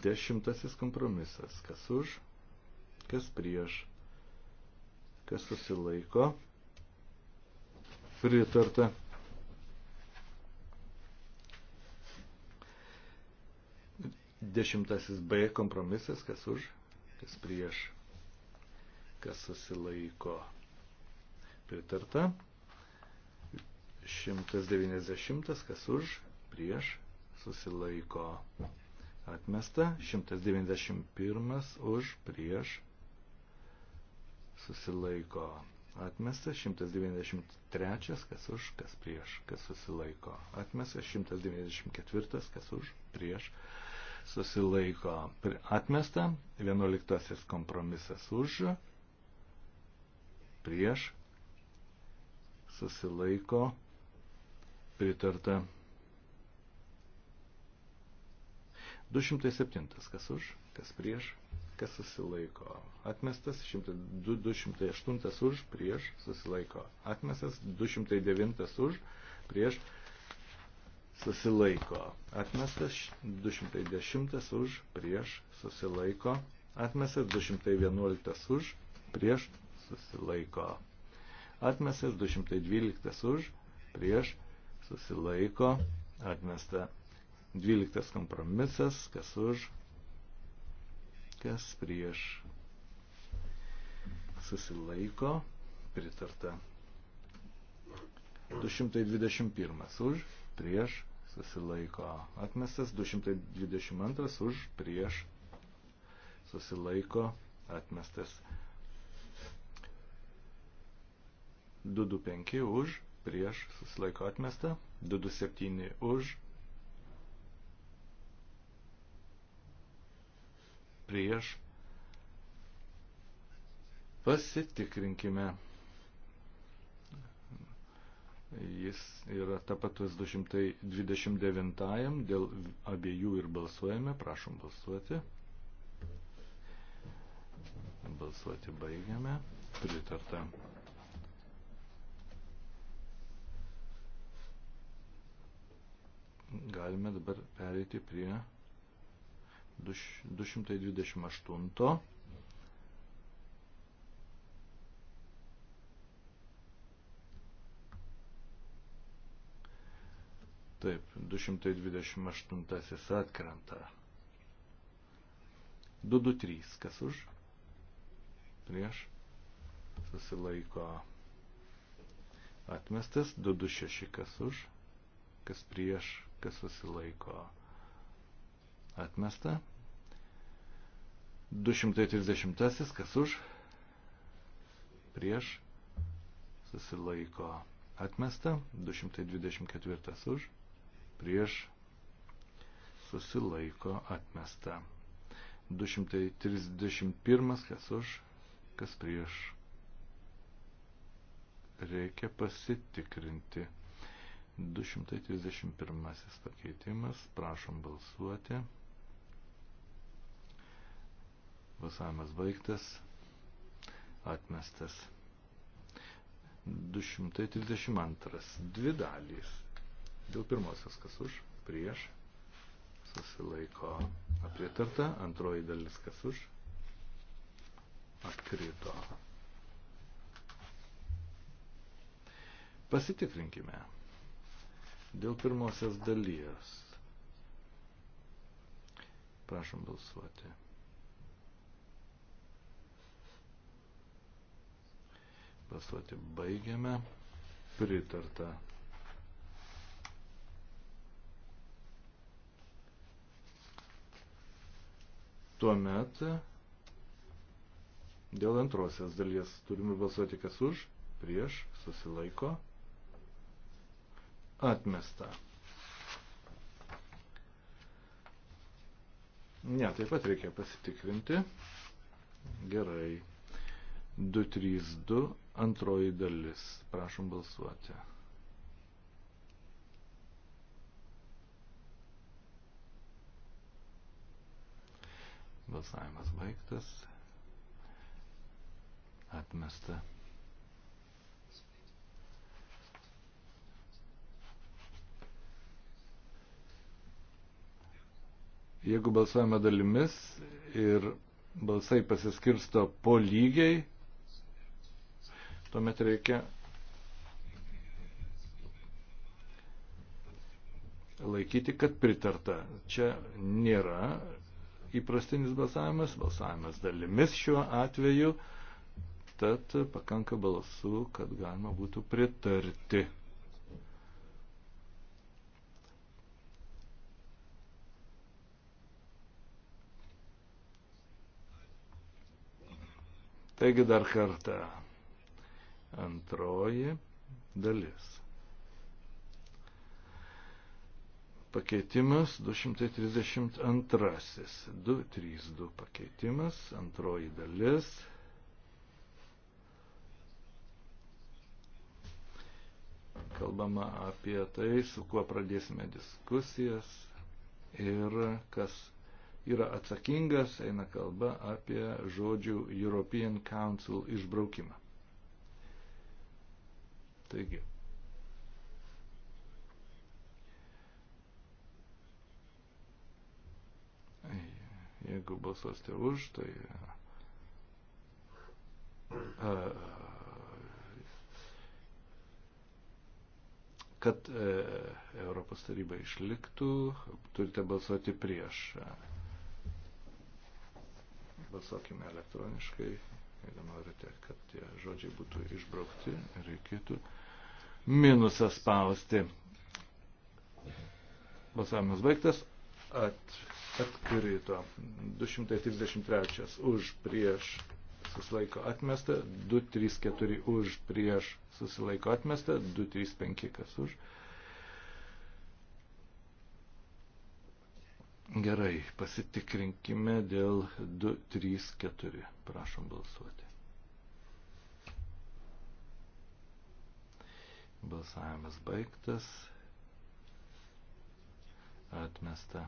Dešimtasis kompromisas. Kas už, kas prieš, kas susilaiko. Pritarta. Dešimtasis B kompromisas. Kas už, kas prieš, kas susilaiko. Pritarta. 190, kas už, prieš, susilaiko atmesta, 191 už, prieš, susilaiko atmesta, 193 kas už, kas prieš, kas susilaiko atmesta, 194 kas už, prieš, susilaiko atmesta, 11 kompromisas už, prieš, susilaiko pritarta 207. Kas už, kas prieš, kas susilaiko. Atmestas 208 už, prieš, susilaiko. Atmestas 209 už, prieš, susilaiko. Atmestas 210 už, prieš, susilaiko. Atmestas 211 už, prieš, susilaiko. Atmestas 212 už, prieš, susilaiko. Atmestas Dvyliktas kompromisas, kas už, kas prieš susilaiko, pritarta. 221 už, prieš susilaiko atmestas, 222 už, prieš susilaiko atmestas. 225 už, prieš susilaiko atmestą, 227 už, prieš. Pasitikrinkime. Jis yra tapatus 229 dėl abiejų ir balsuojame. Prašom balsuoti. Balsuoti baigiame. Pritarta. Galime dabar pereiti prie 228. Taip, 228 atkrenta. 223, kas už? Prieš. Susilaiko atmestas. 226, kas už? Kas prieš? Kas susilaiko atmestas atmesta. 230 kas už, prieš, susilaiko atmesta. 224 už, prieš, susilaiko atmesta. 231 kas už, kas prieš. Reikia pasitikrinti. 231 pakeitimas, prašom balsuoti. Balsavimas baigtas. Atmestas. 232. Dvi dalys. Dėl pirmosios kas už, prieš. Susilaiko apritarta. Antroji dalis kas už. Atkrito. Pasitikrinkime dėl pirmosios dalies. Prašom balsuoti. Pasuoti baigiame. Pritarta. Tuomet dėl antrosios dalies turime balsuoti kas už, prieš, susilaiko, atmesta. Ne, taip pat reikia pasitikrinti. Gerai. 232 antroji dalis. Prašom balsuoti. Balsavimas baigtas. Atmesta. Jeigu balsuojame dalimis ir balsai pasiskirsto po lygiai, Tuomet reikia laikyti, kad pritarta. Čia nėra įprastinis balsavimas, balsavimas dalimis šiuo atveju, tad pakanka balsų, kad galima būtų pritarti. Taigi dar kartą Antroji dalis. Pakeitimas 232. 232 pakeitimas, antroji dalis. Kalbama apie tai, su kuo pradėsime diskusijas ir kas yra atsakingas, eina kalba apie žodžių European Council išbraukimą. Taigi. Jeigu balsuosite už, tai a, kad e, Europos taryba išliktų, turite balsuoti prieš. Balsuokime elektroniškai, jeigu norite, kad tie žodžiai būtų išbraukti, reikėtų. E, minusą spausti. Balsavimas baigtas. At, atkrito. 233 už prieš susilaiko atmesta, 234 už prieš susilaiko atmesta, 235 kas už. Gerai, pasitikrinkime dėl 234. Prašom balsuoti. Balsavimas baigtas. Atmesta.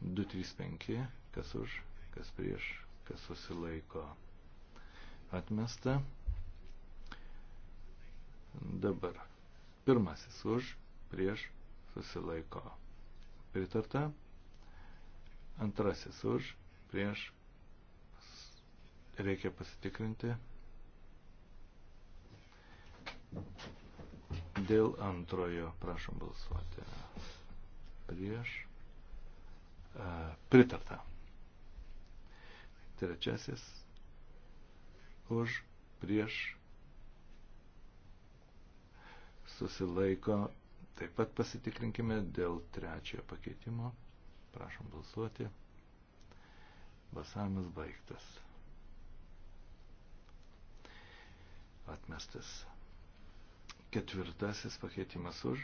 235. Kas už, kas prieš, kas susilaiko. Atmesta. Dabar. Pirmasis už, prieš, susilaiko. Pritarta. Antrasis už, prieš. Reikia pasitikrinti. Thank you. Dėl antrojo, prašom balsuoti. Prieš. E, pritarta. Trečiasis. Už. Prieš. Susilaiko. Taip pat pasitikrinkime dėl trečiojo pakeitimo. Prašom balsuoti. Basavimas baigtas. Atmestas. Ketvirtasis pakeitimas už,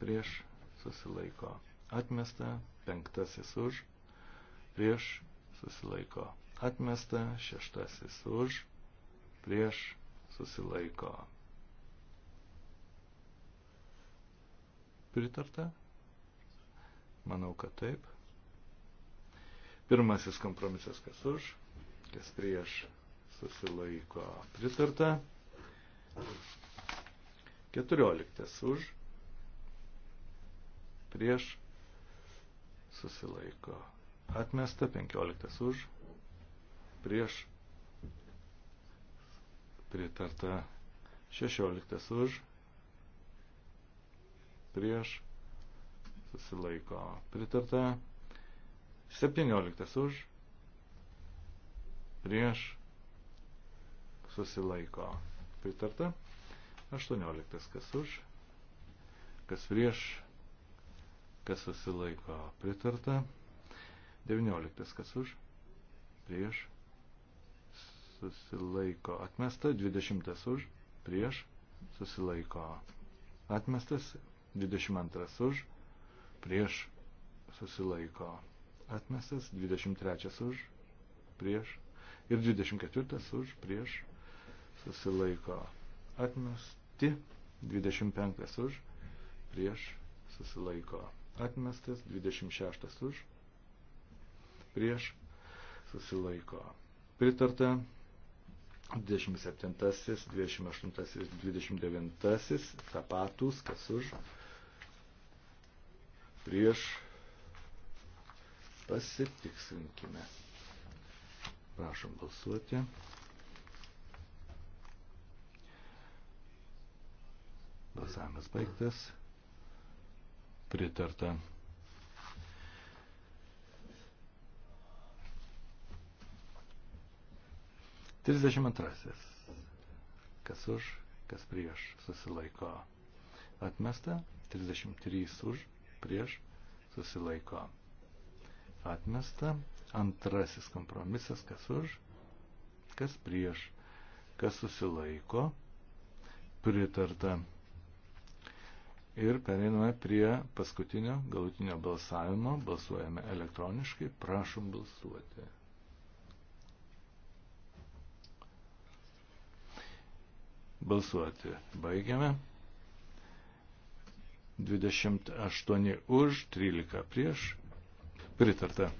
prieš susilaiko atmesta. Penktasis už, prieš susilaiko atmesta. Šeštasis už, prieš susilaiko. Pritarta? Manau, kad taip. Pirmasis kompromisas, kas už, kas prieš susilaiko pritarta. Keturioliktas už, prieš, susilaiko. Atmesta penkioliktas už, prieš, pritarta šešioliktas už, prieš, susilaiko. Pritarta septynioliktas už, prieš, susilaiko. Pritarta. 18. Kas už, kas prieš, kas susilaiko pritarta. 19. Kas už, prieš, susilaiko atmesta. 20. Už, prieš, susilaiko atmestas. 22. Už, prieš, susilaiko atmestas. 23. Už, prieš. Ir 24 už prieš susilaiko atmesti, 25 už, prieš susilaiko atmestas, 26 už, prieš susilaiko pritarta, 27, 28, 29, tapatus, kas už, prieš pasitiksinkime. Prašom balsuoti. Balsavimas baigtas. Pritarta. Trisdešimt antrasis. Kas už, kas prieš susilaiko. Atmesta. 33 už, prieš susilaiko. Atmesta. Antrasis kompromisas. Kas už, kas prieš, kas susilaiko. Pritarta ir pereiname prie paskutinio galutinio balsavimo. Balsuojame elektroniškai. Prašom balsuoti. Balsuoti baigiame. 28 už, 13 prieš. Pritarta.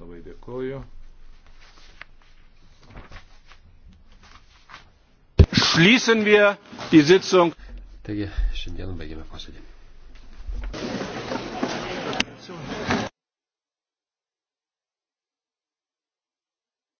Labai dėkoju. Schließen wir die Sitzung. Taigi šiandien baigėme posėdį. Thank you.